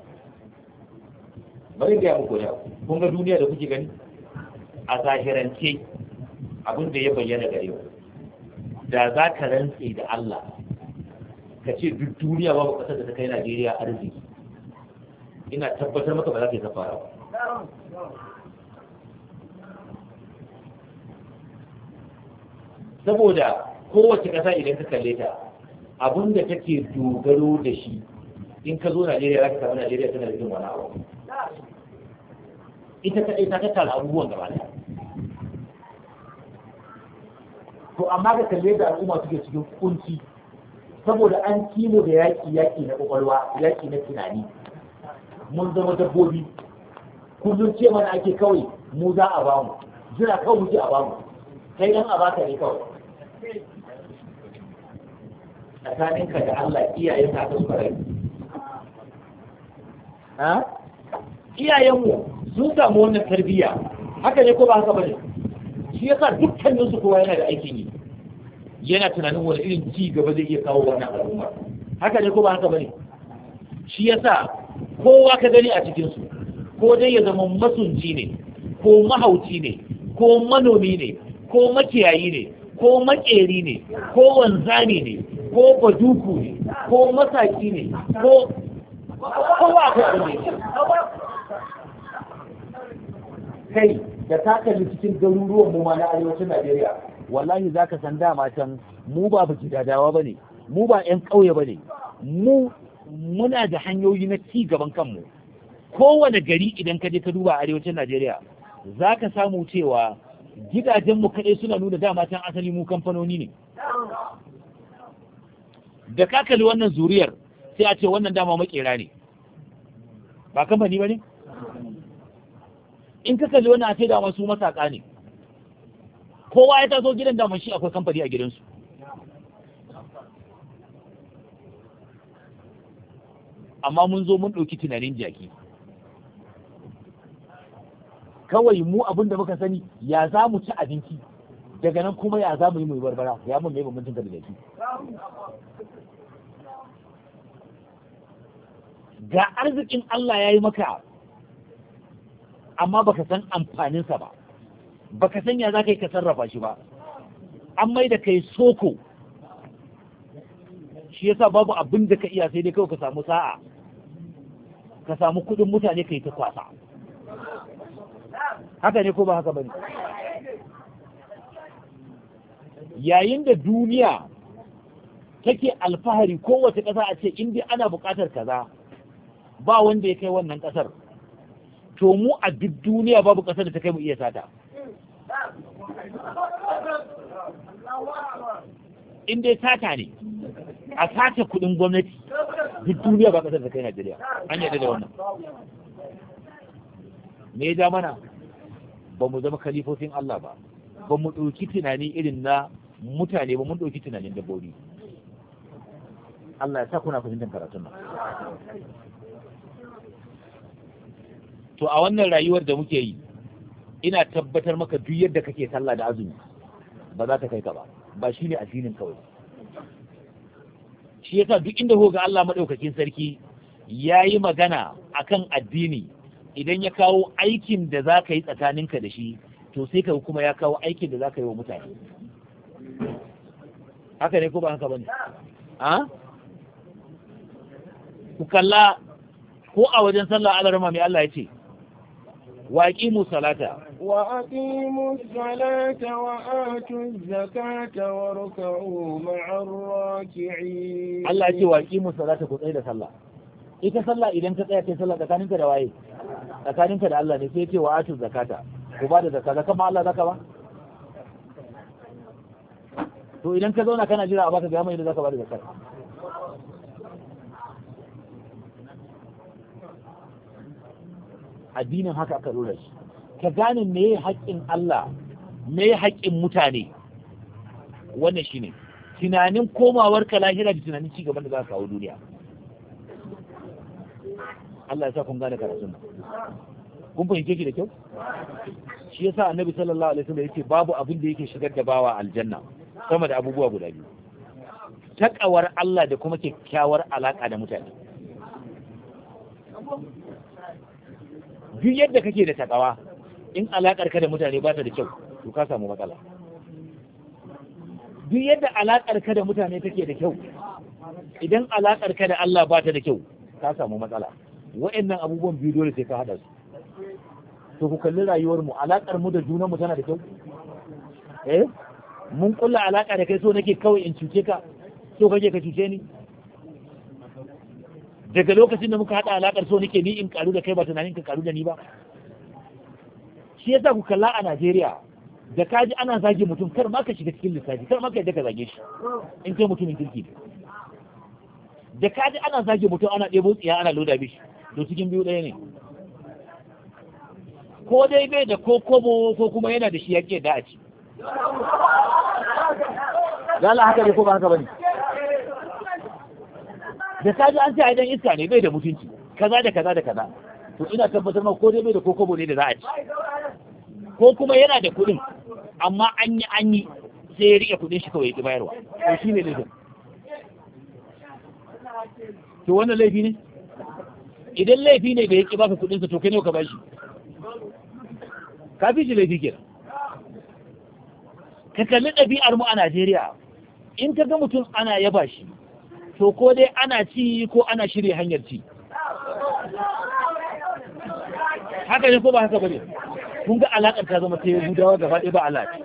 bari ga muku da kun ga duniya da kuke gani a zahirance abin da ya bayyana gare ku da za ka rantse da Allah ka ce duk duniya babu ƙasar da ta kai Najeriya arziki ina tabbatar maka ba za ka yi safara ba saboda kowace ƙasa idan ka kalle ta abin da take dogaro da shi in ka zo Najeriya za ka samu Najeriya tana da wani abu ita kaɗai ta tattara abubuwan gaba ɗaya to amma ka kalle da al'umma suke cikin kunci saboda an kimo da yaƙi yaƙi na ƙwaƙwalwa yaƙi na tunani mun zama dabbobi kullum ce mana ake kawai mu za a bamu jira kawai ji a bamu kai dan a baka ne kawai tsakaninka da Allah iyayen na kuskuren ha iyayenmu sun samu wannan tarbiyya haka ne ko ba haka bane shi yasa dukkanin su kowa yana da aikin yi yana tunanin wani irin ci gaba zai iya kawo wannan al'umma haka ne ko ba haka bane shi yasa kowa ka gani a cikin su ko dai ya zama masunci ne ko mahauci ne ko manomi ne ko makiyayi ne ko makeri ne ko wanzani ne ko baduku ne ko masaki ne ko kowa ko ne kai da takali cikin garuruwan mu ma na arewacin Najeriya wallahi zaka san dama can mu ba baki dadawa bane mu ba ƴan ƙauye bane mu muna da hanyoyi na ci gaban kanmu kowane gari idan ka je ka duba arewacin Najeriya zaka samu cewa gidajen mu kaɗai suna nuna dama can asali mu kamfanoni ne da ka kalli wannan zuriyar sai a ce wannan dama makera ne ba kamfani ba ne in ka kalli wannan a ce dama su masaka ne kowa ya taso gidan dama shi akwai kamfani a gidansu amma mun zo mun ɗauki tunanin jaki kawai mu abin da muka sani ya za mu ci abinci daga nan kuma ya za mu yi mu barbara ya mun mai mutunta da laifi ga arzikin Allah ya yi maka amma baka san amfaninsa ba baka san ya za ka yi ka sarrafa shi ba an mai da kai soko shi yasa babu abin da ka iya sai dai kawai ka samu sa'a ka samu kudin mutane ka yi ta kwasa haka ne ko ba haka bane yayin da duniya take alfahari kowace ƙasa a ce in ana buƙatar kaza ba wanda ya kai wannan ƙasar to mu a duk duniya babu ƙasar da ta kai mu iya sata in dai sata ne a sata kudin gwamnati duk duniya ba ƙasar da kai Najeriya an yadda da wannan me ya ja mana ba mu zama kalifofin Allah ba ba mu ɗauki tunani irin na mutane ba mun ɗauki tunanin dabbobi Allah ya sa kuna fahimtar karatun nan to a wannan rayuwar da muke yi ina tabbatar maka duk yadda kake sallah da azumi ba za ta kai ka ba ba shi ne addinin kawai shi yasa duk inda hoga Allah madaukakin sarki yayi magana akan addini idan ya kawo aikin da za ka yi tsakaninka da shi to sai ka kuma ya kawo aikin da za ka yi wa mutane haka ne ko ba haka ba ne a ku kalla ko a wajen sallah alar mai Allah ya ce واقيموا الصلاه واقيموا الصلاه واتوا الزكاه واركعوا مع الراكعين الله يجي واقيموا الصلاه ku تsaye da sallah ita sallah idan ka tsaya kai sallah tsakaninka da waye tsakaninka da Allah ne sai ce wa atu zakata ko ba da zakata kama Allah zaka ba to idan ka zauna kana jira a baka ga mai da zaka ba da zakata addinin haka aka rura shi ka gane me haƙƙin Allah me haƙƙin mutane wannan shine tunanin komawar ka lahira da tunanin cigaban da za ka kawo duniya Allah ya sa kun gane karatun nan kun fahimce ki da kyau shi yasa annabi sallallahu alaihi wasallam yake babu abin da yake shigar da bawa aljanna sama da abubuwa guda biyu takawar Allah da kuma kyakkyawar alaka da mutane duk yadda kake da takawa in alakar ka da mutane ba ta da kyau to ka samu matsala duk yadda alakar ka da mutane take da kyau idan alakar ka da Allah ba ta da kyau ka samu matsala wa'annan abubuwan biyu dole sai ka hada su to ku kalli rayuwar mu alakar mu da junan mu tana da kyau eh mun kulla alaka da kai so nake kawai in cuce ka so kake ka cuce ni daga lokacin da muka hada alakar so nake ni in karu da kai ba tunanin ka karu da ni ba shi yasa ku kalla a Najeriya da kaji ana zage mutum kar ma ka shiga cikin lissafi kar ma ka yadda ka zage shi in kai mutumin kirki da kaji ana zage mutum ana ɗebo tsiya ana loda mishi to cikin biyu ɗaya ne ko dai bai da ko kobo ko kuma yana da shi ya ke da a ci lala haka ne ko ba haka bane da kaji an ce a idan iska ne bai da mutunci kaza da kaza da kaza to ina tabbatar ma ko dai bai da ko kobo ne da za a ci ko kuma yana da kuɗin amma an yi an yi sai ya riƙe kuɗin shi kawai ya bayarwa to shi ne laifin to wannan laifi ne idan laifi ne bai ya ki baka sa to kai nawa ka bashi ka fi shi laifi kenan ka kalli ɗabi'ar mu a Najeriya in ka ga mutum ana yaba shi to ko dai ana ci ko ana shirya hanyar ci haka ne ko ba haka bane kun ga alakar ta zama ta yi gudawa gaba ɗaya ba alaƙa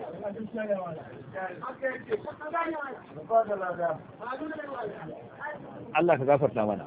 Allah ka gafarta mana